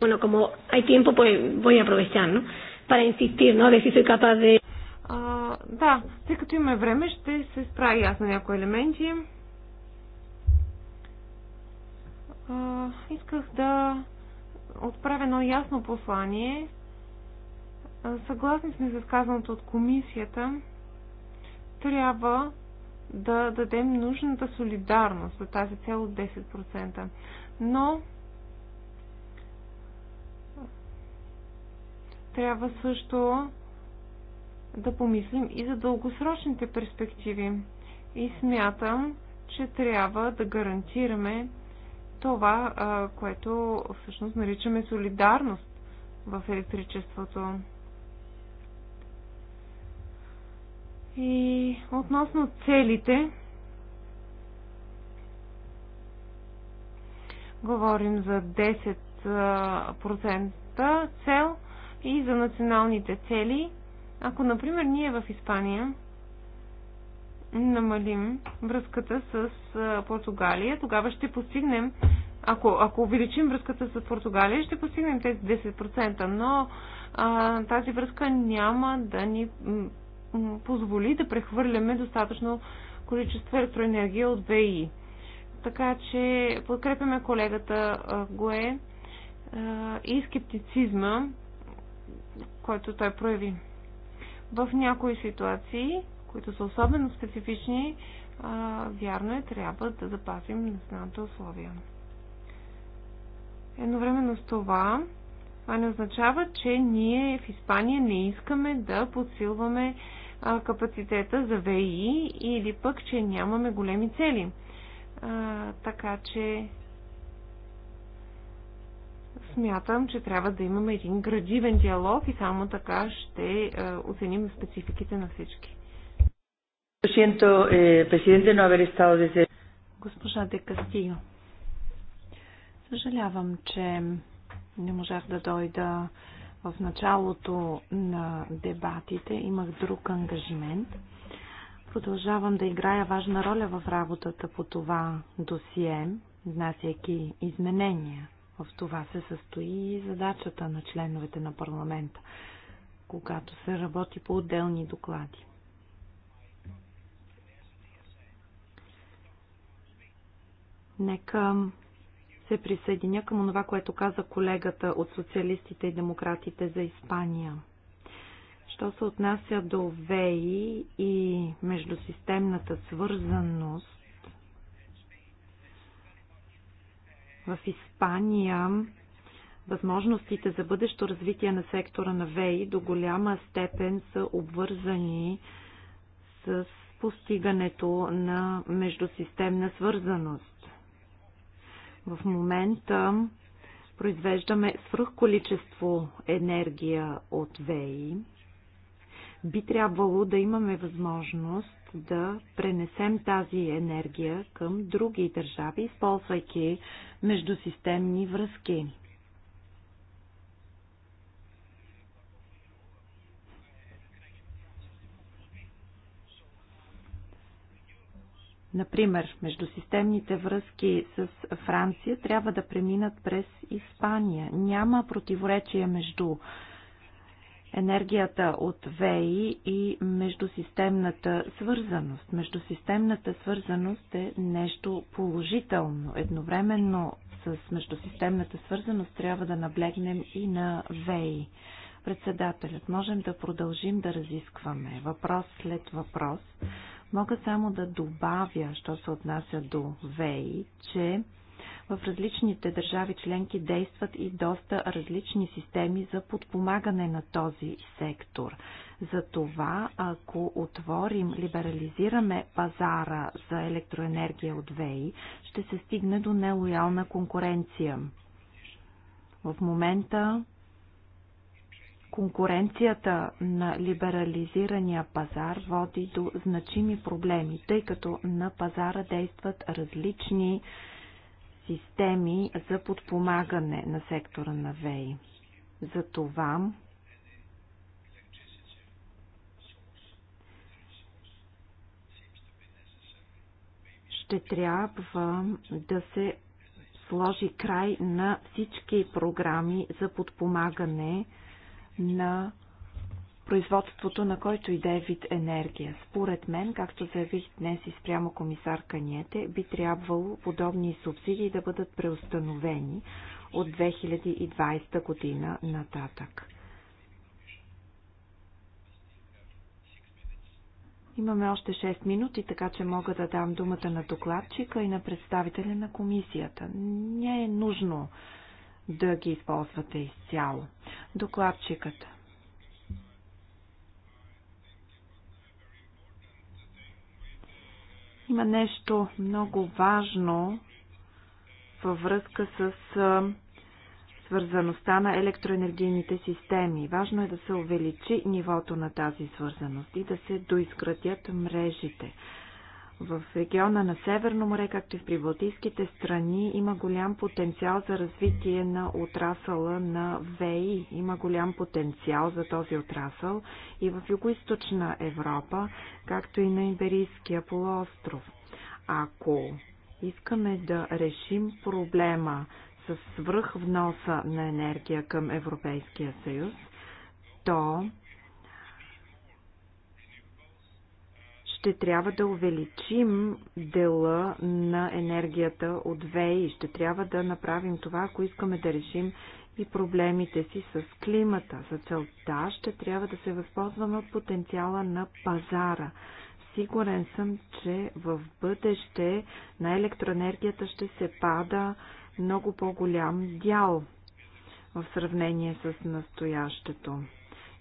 Bueno, como hay tiempo, pues voy a aprovechar, ¿no? Para insistir, ¿no? De si soy capaz de... А, да, тъй като имаме време, ще се справи аз на някои елементи. А, исках да отправено едно ясно послание. Съгласни сме с казаното от комисията. Трябва да дадем нужната солидарност за тази цел от 10%. Но трябва също да помислим и за дългосрочните перспективи. И смятам, че трябва да гарантираме това, което всъщност наричаме солидарност в електричеството. И относно целите, говорим за 10% цел и за националните цели. Ако, например, ние в Испания намалим връзката с Португалия, тогава ще постигнем, ако, ако увеличим връзката с Португалия, ще постигнем тези 10%, но а, тази връзка няма да ни позволи да прехвърляме достатъчно количество електроенергия от ВИ. Така че подкрепяме колегата Гое и скептицизма, който той прояви. В някои ситуации които са особено специфични, а, вярно е, трябва да запазим националните условия. Едновременно с това, това не означава, че ние в Испания не искаме да подсилваме а, капацитета за ВИ или пък, че нямаме големи цели. А, така че смятам, че трябва да имаме един градивен диалог и само така ще оценим спецификите на всички. Siento, eh, presidente, no haber estado desde... Госпожа Де Кастио. Съжалявам, че не можах да дойда в началото на дебатите. Имах друг ангажимент. Продължавам да играя важна роля в работата по това досие, внасяйки изменения. В това се състои и задачата на членовете на парламента, когато се работи по отделни доклади. Нека се присъединя към това, което каза колегата от социалистите и демократите за Испания. Що се отнася до ВЕИ и междусистемната свързаност, в Испания възможностите за бъдещо развитие на сектора на ВЕИ до голяма степен са обвързани с постигането на междусистемна свързаност в момента произвеждаме свръхколичество енергия от ВЕИ. Би трябвало да имаме възможност да пренесем тази енергия към други държави, използвайки междусистемни връзки. Например, междусистемните връзки с Франция трябва да преминат през Испания. Няма противоречие между енергията от ВЕИ и междусистемната свързаност. Междусистемната свързаност е нещо положително. Едновременно с междусистемната свързаност трябва да наблегнем и на ВЕИ. Председателят, можем да продължим да разискваме въпрос след въпрос Мога само да добавя, що се отнася до ВЕИ, че в различните държави членки действат и доста различни системи за подпомагане на този сектор. Затова, ако отворим, либерализираме пазара за електроенергия от ВЕИ, ще се стигне до нелоялна конкуренция. В момента Конкуренцията на либерализирания пазар води до значими проблеми, тъй като на пазара действат различни системи за подпомагане на сектора на ВЕИ. Затова ще трябва да се сложи край на всички програми за подпомагане на производството на който и да е вид енергия. Според мен, както заявих днес и спрямо комисар Каниете, би трябвало подобни субсидии да бъдат преустановени от 2020 година нататък. Имаме още 6 минути, така че мога да дам думата на докладчика и на представителя на комисията. Не е нужно да ги използвате изцяло. Докладчиката. Има нещо много важно във връзка с свързаността на електроенергийните системи. Важно е да се увеличи нивото на тази свързаност и да се доизградят мрежите. В региона на Северно море, както и в прибалтийските страни, има голям потенциал за развитие на отрасъла на ВЕИ, Има голям потенциал за този отрасъл и в югоизточна Европа, както и на Иберийския полуостров. Ако искаме да решим проблема с свръхвноса на енергия към Европейския съюз, то ще трябва да увеличим дела на енергията от ВЕИ. Ще трябва да направим това, ако искаме да решим и проблемите си с климата. За целта ще трябва да се възползваме от потенциала на пазара. Сигурен съм, че в бъдеще на електроенергията ще се пада много по-голям дял в сравнение с настоящето.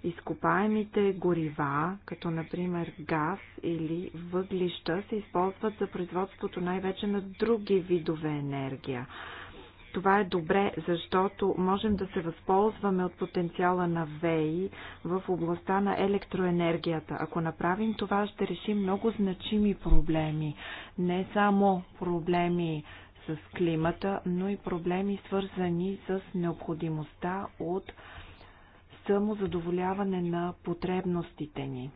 Изкопаемите горива, като например газ или въглища, се използват за производството най-вече на други видове енергия. Това е добре, защото можем да се възползваме от потенциала на ВЕИ в областта на електроенергията. Ако направим това, ще решим много значими проблеми. Не само проблеми с климата, но и проблеми свързани с необходимостта от самозадоволяване на потребностите ни.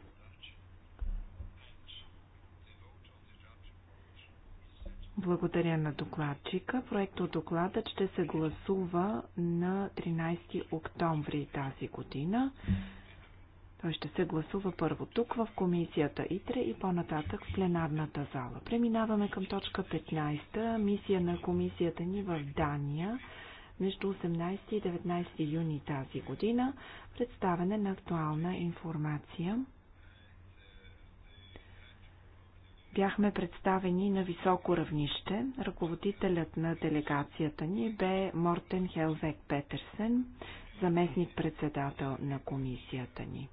Благодаря на докладчика. Проектът докладът ще се гласува на 13 октомври тази година. Той ще се гласува първо тук в комисията ИТРЕ и по-нататък в пленарната зала. Преминаваме към точка 15. Мисия на комисията ни в Дания – между 18 и 19 юни тази година, представяне на актуална информация. Бяхме представени на високо равнище. Ръководителят на делегацията ни бе Мортен Хелвек Петерсен, заместник-председател на комисията ни.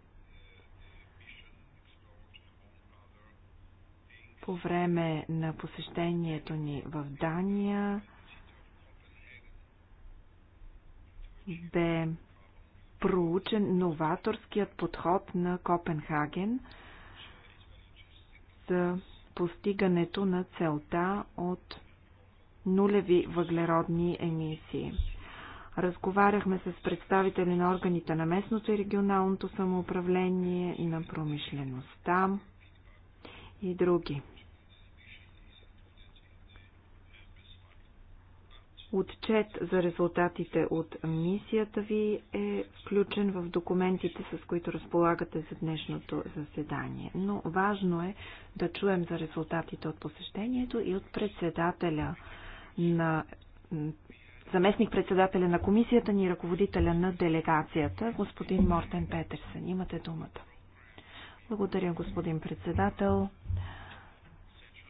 По време на посещението ни в Дания, бе проучен новаторският подход на Копенхаген за постигането на целта от нулеви въглеродни емисии. Разговаряхме с представители на органите на местното и регионалното самоуправление, на промишлеността и други. Отчет за резултатите от мисията ви е включен в документите, с които разполагате за днешното заседание. Но важно е да чуем за резултатите от посещението и от председателя на заместник-председателя на комисията ни, ръководителя на делегацията, господин Мортен Петерсен. Имате думата. Благодаря, господин председател.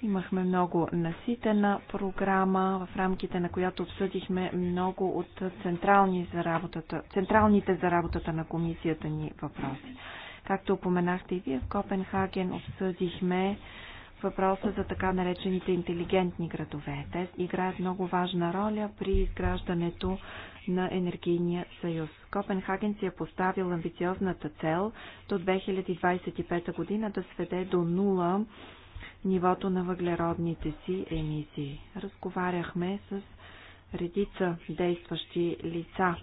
Имахме много наситена програма, в рамките на която обсъдихме много от централни за работата, централните за работата на комисията ни въпроси. Както упоменахте и вие, в Копенхаген обсъдихме въпроса за така наречените интелигентни градове. Те играят много важна роля при изграждането на енергийния съюз. Копенхаген си е поставил амбициозната цел до 2025 година да сведе до нула нивото на въглеродните си емисии. Разговаряхме с редица действащи лица,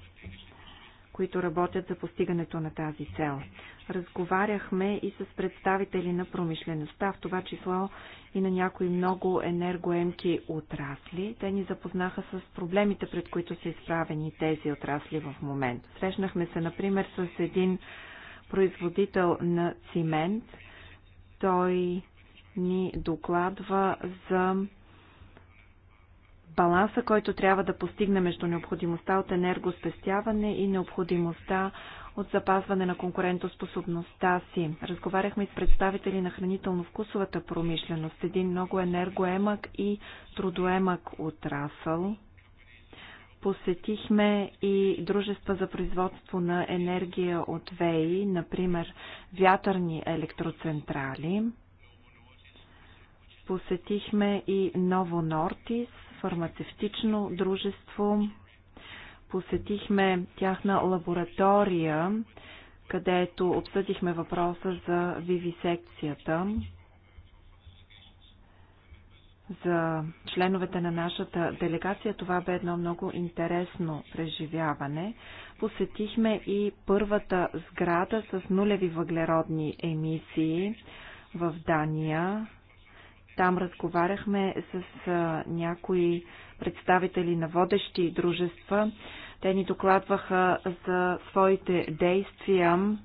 които работят за постигането на тази цел. Разговаряхме и с представители на промишлеността, в това число и на някои много енергоемки отрасли. Те ни запознаха с проблемите, пред които са изправени тези отрасли в момент. Срещнахме се, например, с един производител на цимент. Той ни докладва за баланса, който трябва да постигне между необходимостта от енергоспестяване и необходимостта от запазване на конкурентоспособността си. Разговаряхме и с представители на хранително-вкусовата промишленост, един много енергоемък и трудоемък отрасъл. Посетихме и дружества за производство на енергия от ВЕИ, например вятърни електроцентрали. Посетихме и Ново Нортис, фармацевтично дружество. Посетихме тяхна лаборатория, където обсъдихме въпроса за вивисекцията. За членовете на нашата делегация това бе едно много интересно преживяване. Посетихме и първата сграда с нулеви въглеродни емисии в Дания. Там разговаряхме с а, някои представители на водещи дружества. Те ни докладваха за своите действия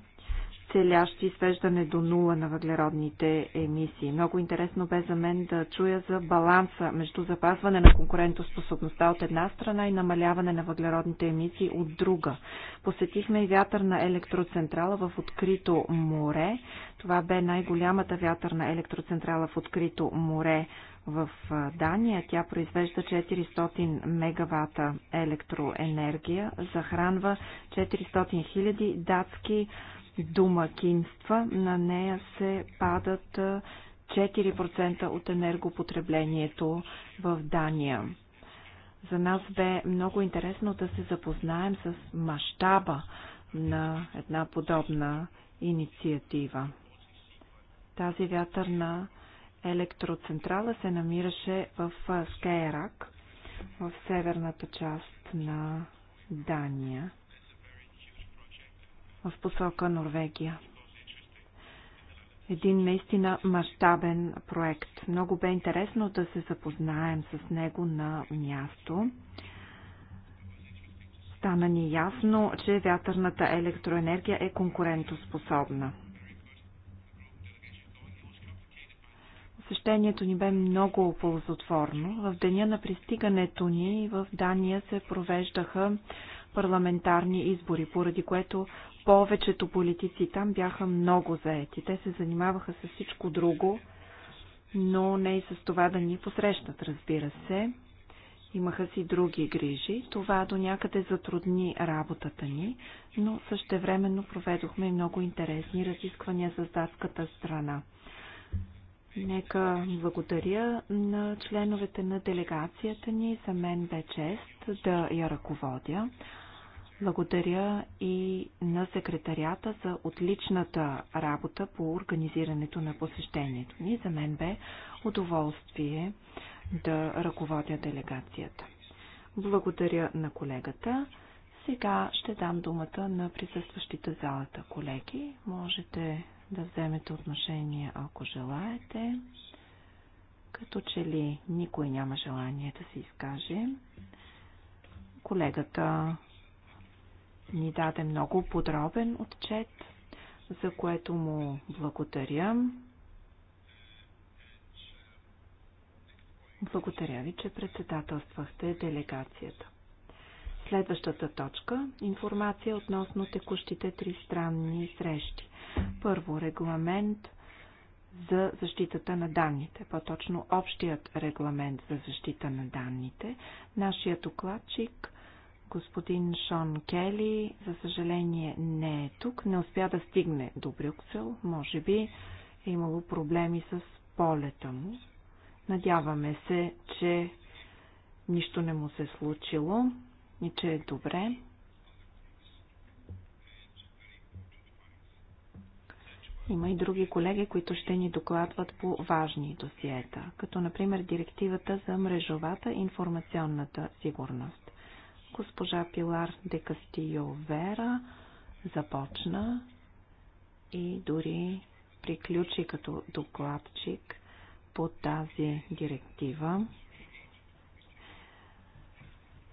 целящи свеждане до нула на въглеродните емисии. Много интересно бе за мен да чуя за баланса между запазване на конкурентоспособността от една страна и намаляване на въглеродните емисии от друга. Посетихме и вятърна електроцентрала в открито море. Това бе най-голямата вятърна електроцентрала в открито море в Дания. Тя произвежда 400 мегавата електроенергия, захранва 400 000 датски домакинства. На нея се падат 4% от енергопотреблението в Дания. За нас бе много интересно да се запознаем с мащаба на една подобна инициатива. Тази вятърна електроцентрала се намираше в Скейрак, в северната част на Дания в посока Норвегия. Един наистина мащабен проект. Много бе интересно да се запознаем с него на място. Стана ни ясно, че вятърната електроенергия е конкурентоспособна. Посещението ни бе много ползотворно. В деня на пристигането ни в Дания се провеждаха парламентарни избори, поради което повечето политици там бяха много заети. Те се занимаваха с всичко друго, но не и с това да ни посрещнат, разбира се. Имаха си други грижи. Това до някъде затрудни работата ни, но същевременно проведохме и много интересни разисквания с датската страна. Нека благодаря на членовете на делегацията ни. За мен бе чест да я ръководя. Благодаря и на секретарията за отличната работа по организирането на посещението ни. За мен бе удоволствие да ръководя делегацията. Благодаря на колегата. Сега ще дам думата на присъстващите залата колеги. Можете да вземете отношение, ако желаете. Като че ли никой няма желание да се изкаже, колегата ни даде много подробен отчет, за което му благодаря. Благодаря ви, че председателствахте делегацията. Следващата точка – информация относно текущите тристранни срещи. Първо – регламент за защитата на данните, по-точно общият регламент за защита на данните. Нашият докладчик – Господин Шон Кели, за съжаление, не е тук. Не успя да стигне до Брюксел. Може би е имало проблеми с полета му. Надяваме се, че нищо не му се случило и че е добре. Има и други колеги, които ще ни докладват по важни досиета, като например директивата за мрежовата информационната сигурност. Госпожа Пилар де Кастио Вера започна и дори приключи като докладчик по тази директива.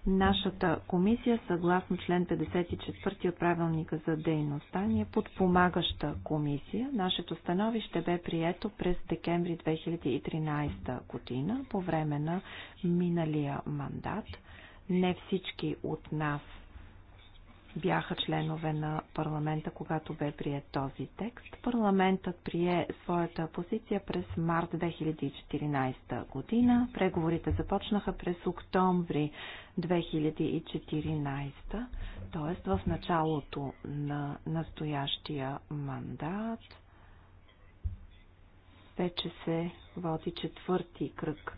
Нашата комисия, съгласно член 54 от правилника за дейността, ни е подпомагаща комисия. Нашето становище бе прието през декември 2013 година по време на миналия мандат – не всички от нас бяха членове на парламента, когато бе прият този текст. Парламентът прие своята позиция през март 2014 година. Преговорите започнаха през октомври 2014, т.е. в началото на настоящия мандат. Вече се води четвърти кръг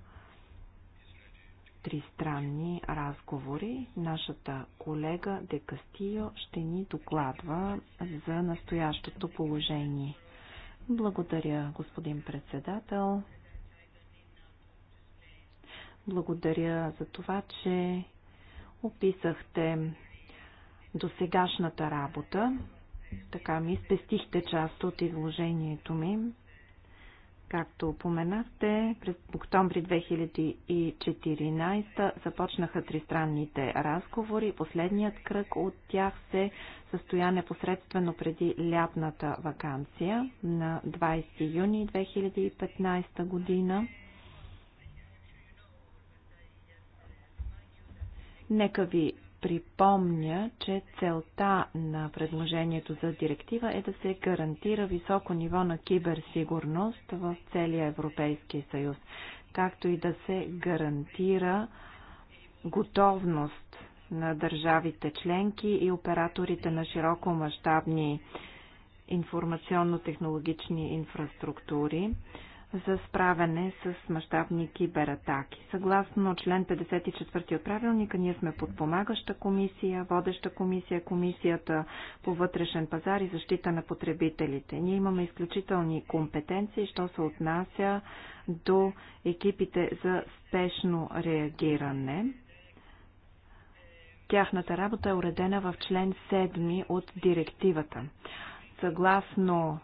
тристранни разговори. Нашата колега Де Кастио ще ни докладва за настоящото положение. Благодаря, господин председател. Благодаря за това, че описахте досегашната работа. Така ми спестихте част от изложението ми. Както поменахте, през октомври 2014 започнаха тристранните разговори. Последният кръг от тях се състоя непосредствено преди лятната вакансия на 20 юни 2015 година. Нека ви припомня, че целта на предложението за директива е да се гарантира високо ниво на киберсигурност в целия Европейски съюз, както и да се гарантира готовност на държавите членки и операторите на широко мащабни информационно-технологични инфраструктури за справяне с мащабни кибератаки. Съгласно член 54 от правилника, ние сме подпомагаща комисия, водеща комисия, комисията по вътрешен пазар и защита на потребителите. Ние имаме изключителни компетенции, що се отнася до екипите за спешно реагиране. Тяхната работа е уредена в член 7 от директивата. Съгласно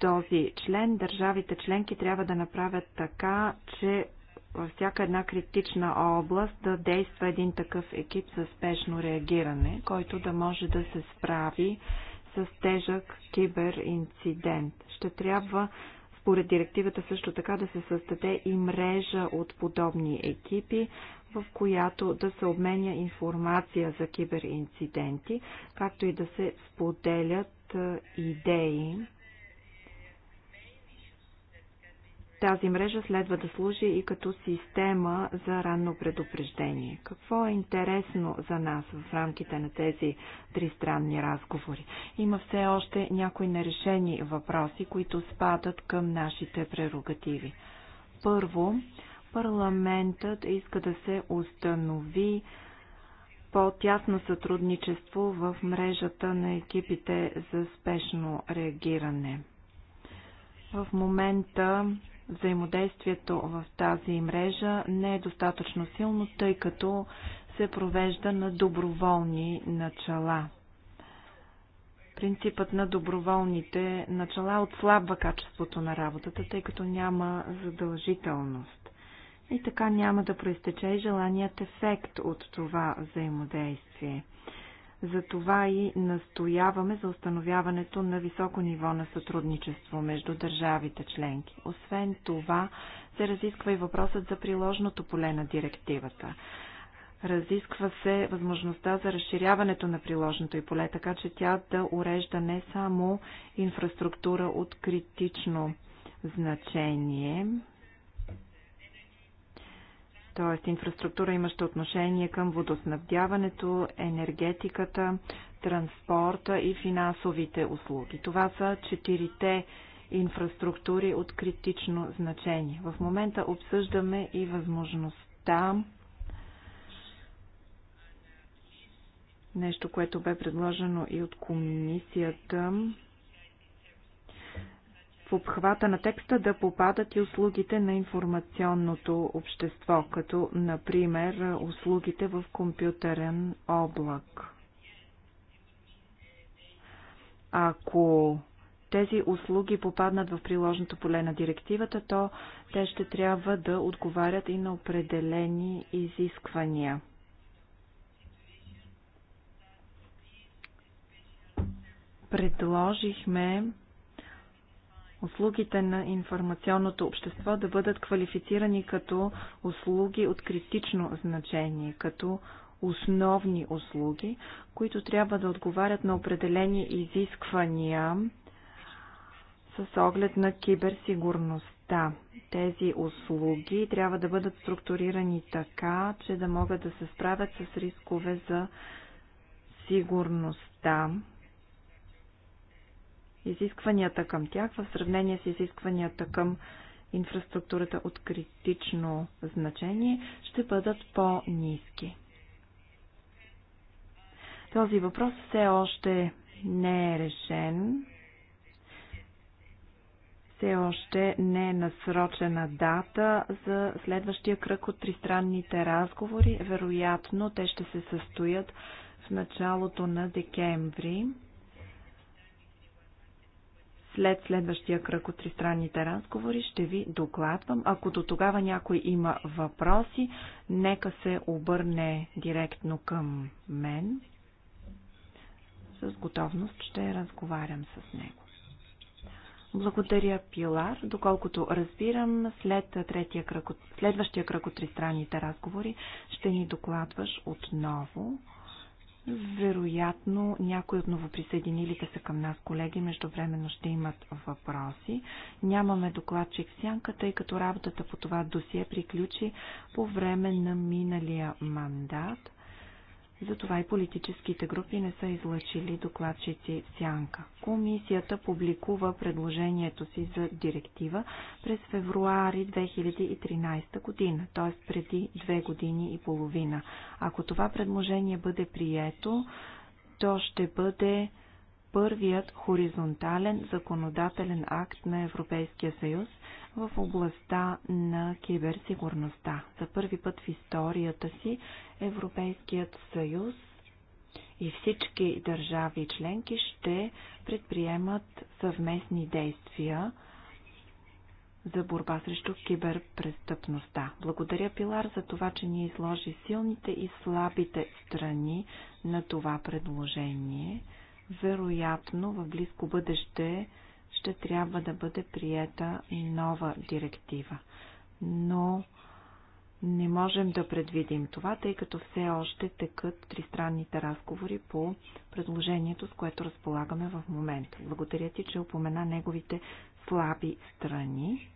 този член, държавите членки трябва да направят така, че във всяка една критична област да действа един такъв екип за спешно реагиране, който да може да се справи с тежък киберинцидент. Ще трябва според директивата също така да се създаде и мрежа от подобни екипи, в която да се обменя информация за киберинциденти, както и да се споделят идеи Тази мрежа следва да служи и като система за ранно предупреждение. Какво е интересно за нас в рамките на тези тристранни разговори? Има все още някои нерешени въпроси, които спадат към нашите прерогативи. Първо, парламентът иска да се установи по-тясно сътрудничество в мрежата на екипите за спешно реагиране. В момента взаимодействието в тази мрежа не е достатъчно силно, тъй като се провежда на доброволни начала. Принципът на доброволните начала отслабва качеството на работата, тъй като няма задължителност. И така няма да проистече и желаният ефект от това взаимодействие. Затова и настояваме за установяването на високо ниво на сътрудничество между държавите членки. Освен това, се разисква и въпросът за приложното поле на директивата. Разисква се възможността за разширяването на приложното и поле, така че тя да урежда не само инфраструктура от критично значение, т.е. инфраструктура, имаща отношение към водоснабдяването, енергетиката, транспорта и финансовите услуги. Това са четирите инфраструктури от критично значение. В момента обсъждаме и възможността нещо, което бе предложено и от комисията в обхвата на текста да попадат и услугите на информационното общество, като например услугите в компютърен облак. Ако тези услуги попаднат в приложното поле на директивата, то те ще трябва да отговарят и на определени изисквания. Предложихме услугите на информационното общество да бъдат квалифицирани като услуги от критично значение, като основни услуги, които трябва да отговарят на определени изисквания с оглед на киберсигурността. Тези услуги трябва да бъдат структурирани така, че да могат да се справят с рискове за сигурността изискванията към тях в сравнение с изискванията към инфраструктурата от критично значение ще бъдат по-низки. Този въпрос все още не е решен. Все още не е насрочена дата за следващия кръг от тристранните разговори. Вероятно, те ще се състоят в началото на декември. След следващия кръг от тристранните разговори ще ви докладвам. Ако до тогава някой има въпроси, нека се обърне директно към мен. С готовност ще разговарям с него. Благодаря, Пилар. Доколкото разбирам, след третия кръг, следващия кръг от тристранните разговори ще ни докладваш отново. Вероятно някои от новоприсъединилите се към нас колеги междувременно ще имат въпроси. Нямаме докладчик сянка, тъй като работата по това досие приключи по време на миналия мандат. Затова и политическите групи не са излъчили докладчици в сянка. Комисията публикува предложението си за директива през февруари 2013 година, т.е. преди две години и половина. Ако това предложение бъде прието, то ще бъде първият хоризонтален законодателен акт на Европейския съюз в областта на киберсигурността. За първи път в историята си Европейският съюз и всички държави и членки ще предприемат съвместни действия за борба срещу киберпрестъпността. Благодаря Пилар за това, че ни изложи силните и слабите страни на това предложение вероятно в близко бъдеще ще трябва да бъде приета нова директива. Но не можем да предвидим това, тъй като все още текат тристранните разговори по предложението, с което разполагаме в момента. Благодаря ти, че опомена неговите слаби страни.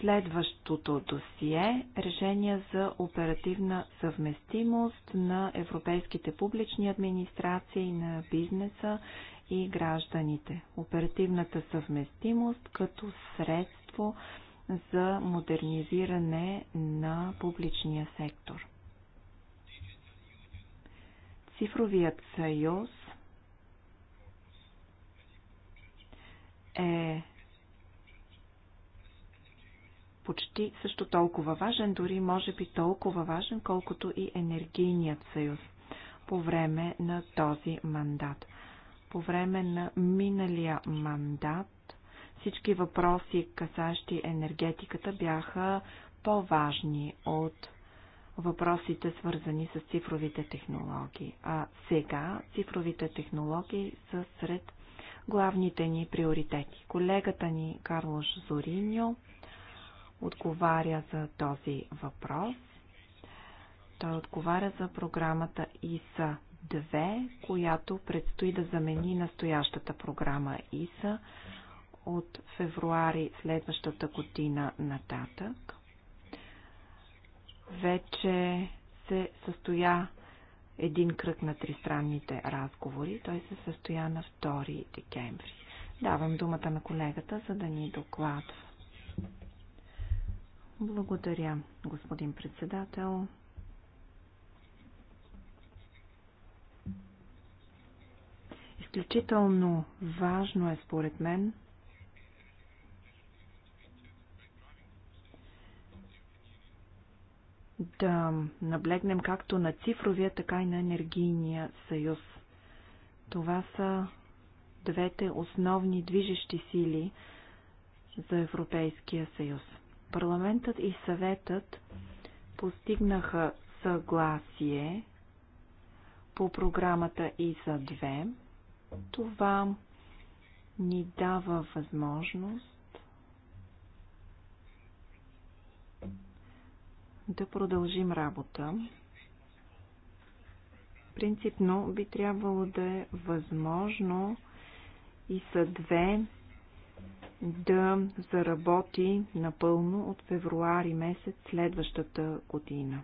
Следващото досие – решение за оперативна съвместимост на европейските публични администрации, на бизнеса и гражданите. Оперативната съвместимост като средство за модернизиране на публичния сектор. Цифровият съюз е почти също толкова важен, дори може би толкова важен, колкото и енергийният съюз по време на този мандат. По време на миналия мандат всички въпроси, касащи енергетиката, бяха по-важни от въпросите, свързани с цифровите технологии. А сега цифровите технологии са сред главните ни приоритети. Колегата ни Карлош Зориньо отговаря за този въпрос. Той отговаря за програмата ИСА 2, която предстои да замени настоящата програма ИСА от февруари следващата година нататък. Вече се състоя един кръг на тристранните разговори. Той се състоя на 2 декември. Давам думата на колегата, за да ни докладва. Благодаря, господин председател. Изключително важно е според мен да наблегнем както на цифровия, така и на енергийния съюз. Това са двете основни движещи сили за Европейския съюз. Парламентът и съветът постигнаха съгласие по програмата и за две. Това ни дава възможност да продължим работа. Принципно би трябвало да е възможно и са две да заработи напълно от февруари месец следващата година.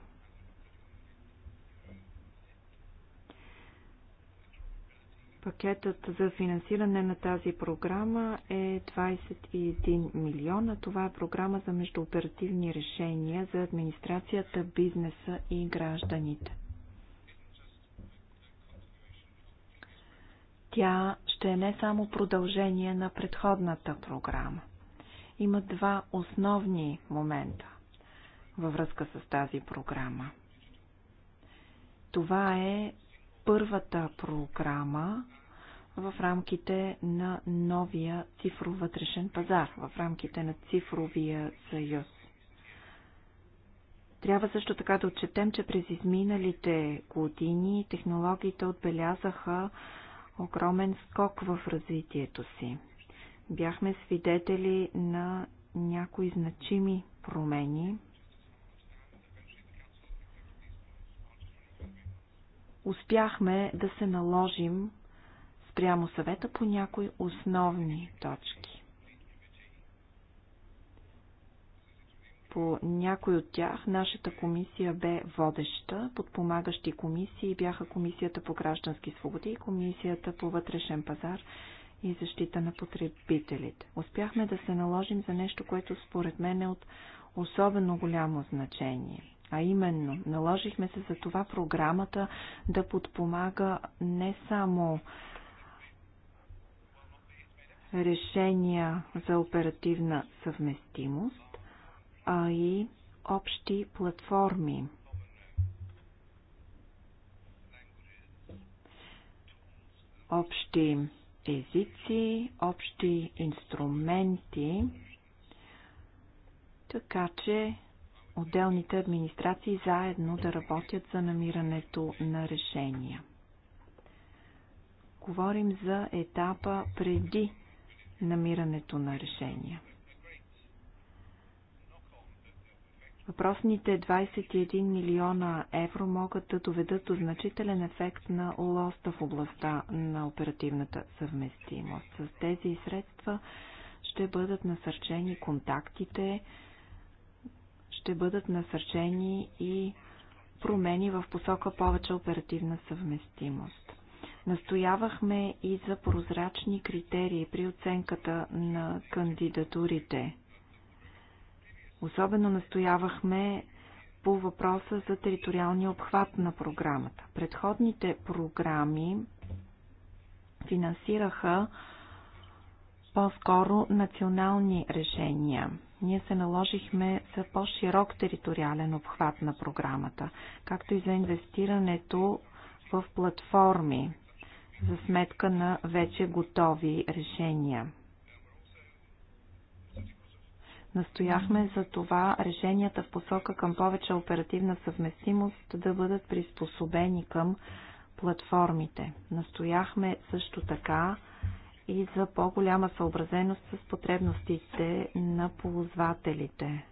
Пакетът за финансиране на тази програма е 21 милиона. Това е програма за междуоперативни решения за администрацията, бизнеса и гражданите. Тя ще е не само продължение на предходната програма. Има два основни момента във връзка с тази програма. Това е първата програма в рамките на новия цифров вътрешен пазар, в рамките на цифровия съюз. Трябва също така да отчетем, че през изминалите години технологиите отбелязаха огромен скок в развитието си. Бяхме свидетели на някои значими промени. Успяхме да се наложим спрямо съвета по някои основни точки. По някой от тях нашата комисия бе водеща. Подпомагащи комисии бяха Комисията по граждански свободи и Комисията по вътрешен пазар и защита на потребителите. Успяхме да се наложим за нещо, което според мен е от особено голямо значение. А именно, наложихме се за това програмата да подпомага не само решения за оперативна съвместимост, а и общи платформи. Общи езици, общи инструменти, така че отделните администрации заедно да работят за намирането на решения. Говорим за етапа преди намирането на решения. Въпросните 21 милиона евро могат да доведат до значителен ефект на лоста в областта на оперативната съвместимост. С тези средства ще бъдат насърчени контактите, ще бъдат насърчени и промени в посока повече оперативна съвместимост. Настоявахме и за прозрачни критерии при оценката на кандидатурите Особено настоявахме по въпроса за териториалния обхват на програмата. Предходните програми финансираха по-скоро национални решения. Ние се наложихме за по-широк териториален обхват на програмата, както и за инвестирането в платформи за сметка на вече готови решения. Настояхме за това решенията в посока към повече оперативна съвместимост да бъдат приспособени към платформите. Настояхме също така и за по-голяма съобразеност с потребностите на ползвателите.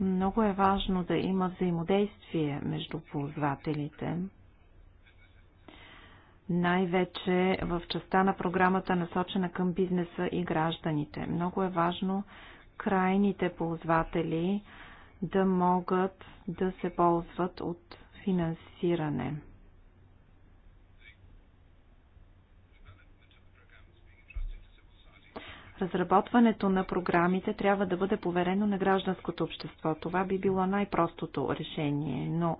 Много е важно да има взаимодействие между ползвателите най-вече в частта на програмата насочена към бизнеса и гражданите. Много е важно крайните ползватели да могат да се ползват от финансиране. Разработването на програмите трябва да бъде поверено на гражданското общество. Това би било най-простото решение, но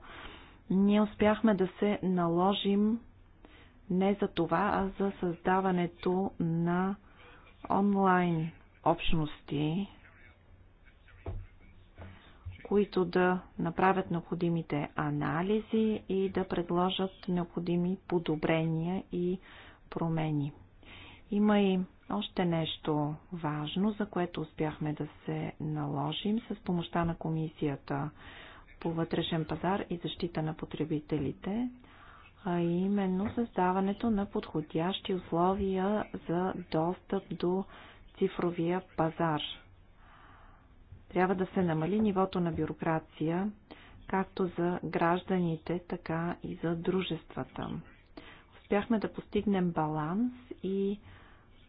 ние успяхме да се наложим не за това, а за създаването на онлайн общности, които да направят необходимите анализи и да предложат необходими подобрения и промени. Има и още нещо важно, за което успяхме да се наложим с помощта на Комисията по вътрешен пазар и защита на потребителите а именно създаването на подходящи условия за достъп до цифровия пазар. Трябва да се намали нивото на бюрокрация, както за гражданите, така и за дружествата. Успяхме да постигнем баланс и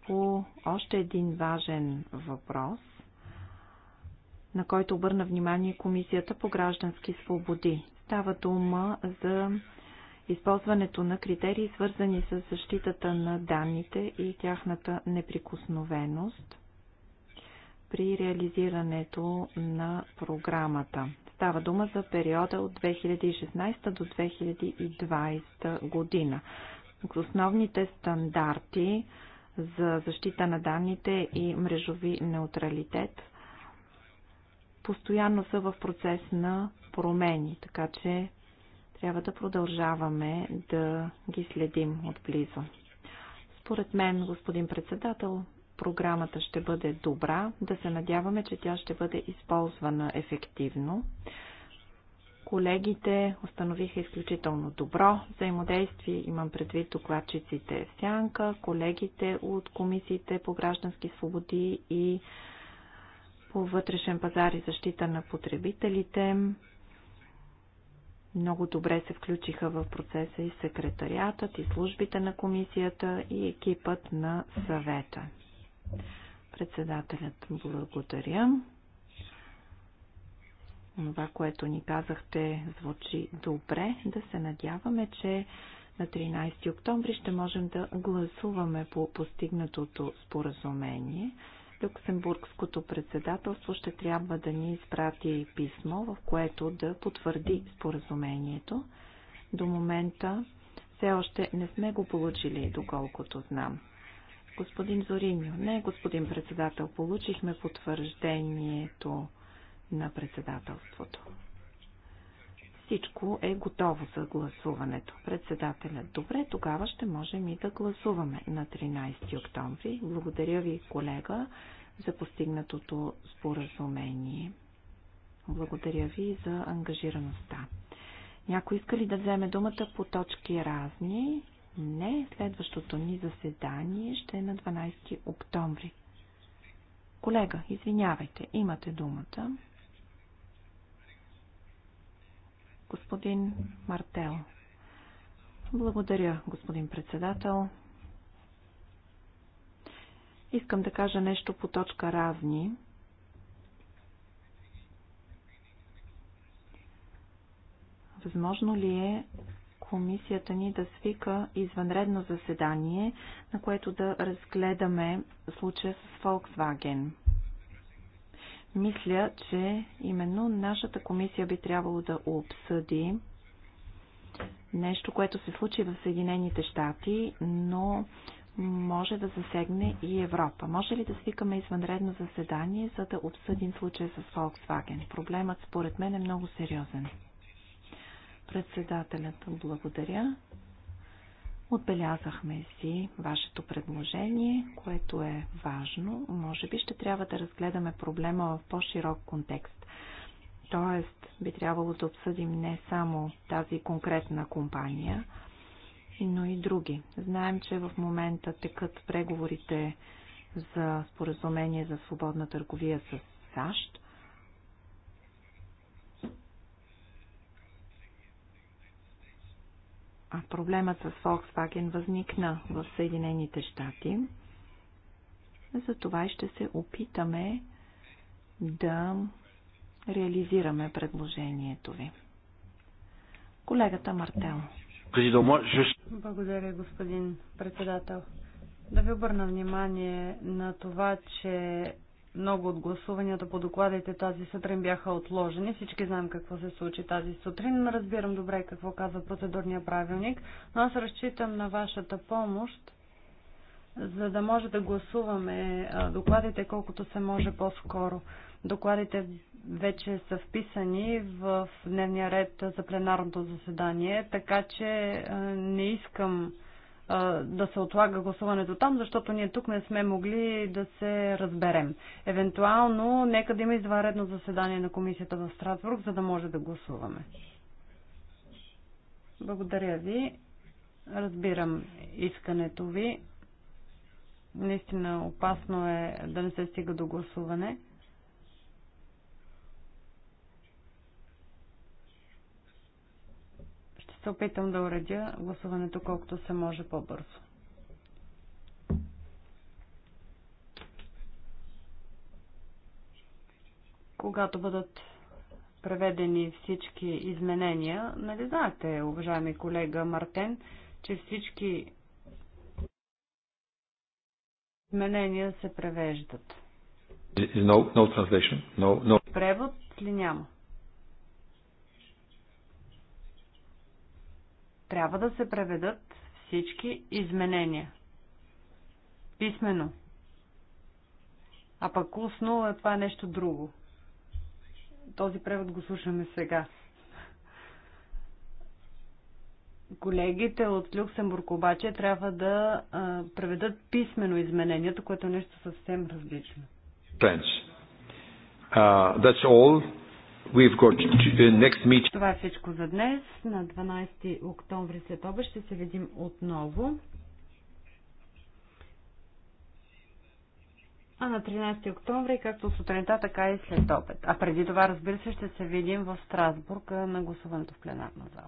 по още един важен въпрос, на който обърна внимание Комисията по граждански свободи. Става дума за използването на критерии, свързани с защитата на данните и тяхната неприкосновеност при реализирането на програмата. Става дума за периода от 2016 до 2020 година. Основните стандарти за защита на данните и мрежови неутралитет постоянно са в процес на промени, така че трябва да продължаваме да ги следим отблизо. Според мен, господин председател, програмата ще бъде добра, да се надяваме, че тя ще бъде използвана ефективно. Колегите установиха изключително добро взаимодействие, имам предвид докладчиците Сянка, колегите от комисиите по граждански свободи и по вътрешен пазар и защита на потребителите. Много добре се включиха в процеса и секретариатът, и службите на комисията, и екипът на съвета. Председателят благодаря. Това, което ни казахте, звучи добре. Да се надяваме, че на 13 октомври ще можем да гласуваме по постигнатото споразумение. Люксембургското председателство ще трябва да ни изпрати писмо, в което да потвърди споразумението. До момента все още не сме го получили, доколкото знам. Господин Зориньо, не, господин председател, получихме потвърждението на председателството. Всичко е готово за гласуването. Председателят, добре, тогава ще можем и да гласуваме на 13 октомври. Благодаря ви, колега, за постигнатото споразумение. Благодаря ви за ангажираността. Някой иска ли да вземе думата по точки разни? Не, следващото ни заседание ще е на 12 октомври. Колега, извинявайте, имате думата. Господин Мартел. Благодаря, господин председател. Искам да кажа нещо по точка равни. Възможно ли е комисията ни да свика извънредно заседание, на което да разгледаме случая с Volkswagen? Мисля, че именно нашата комисия би трябвало да обсъди нещо, което се случи в Съединените щати, но може да засегне и Европа. Може ли да свикаме извънредно заседание, за да обсъдим случая с Volkswagen? Проблемът според мен е много сериозен. Председателят, благодаря. Отбелязахме си вашето предложение, което е важно. Може би ще трябва да разгледаме проблема в по-широк контекст. Тоест, би трябвало да обсъдим не само тази конкретна компания, но и други. Знаем, че в момента текат преговорите за споразумение за свободна търговия с САЩ. А проблемът с Volkswagen възникна в Съединените щати. Затова и ще се опитаме да реализираме предложението ви. Колегата Мартел. Благодаря, господин председател. Да ви обърна внимание на това, че много от гласуванията по докладите тази сутрин бяха отложени. Всички знаем какво се случи тази сутрин. Разбирам добре какво казва процедурния правилник, но аз разчитам на вашата помощ, за да може да гласуваме докладите колкото се може по-скоро. Докладите вече са вписани в дневния ред за пленарното заседание, така че не искам да се отлага гласуването там, защото ние тук не сме могли да се разберем. Евентуално, нека да има извънредно заседание на комисията в Страсбург, за да може да гласуваме. Благодаря ви. Разбирам искането ви. Наистина опасно е да не се стига до гласуване. се опитам да уредя гласуването колкото се може по-бързо. Когато бъдат преведени всички изменения, нали знаете, уважаеми колега Мартен, че всички изменения се превеждат. No, no translation. No, no. Превод ли няма? трябва да се преведат всички изменения. Писмено. А пък устно е това е нещо друго. Този превод го слушаме сега. Колегите от Люксембург обаче трябва да а, преведат писмено изменението, което е нещо съвсем различно. uh, that's all. Uh, това е всичко за днес. На 12 октомври след обе ще се видим отново. А на 13 октомври, както сутринта, така и след обед. А преди това, разбира се, ще се видим в Страсбург на гласуването в пленарна зала.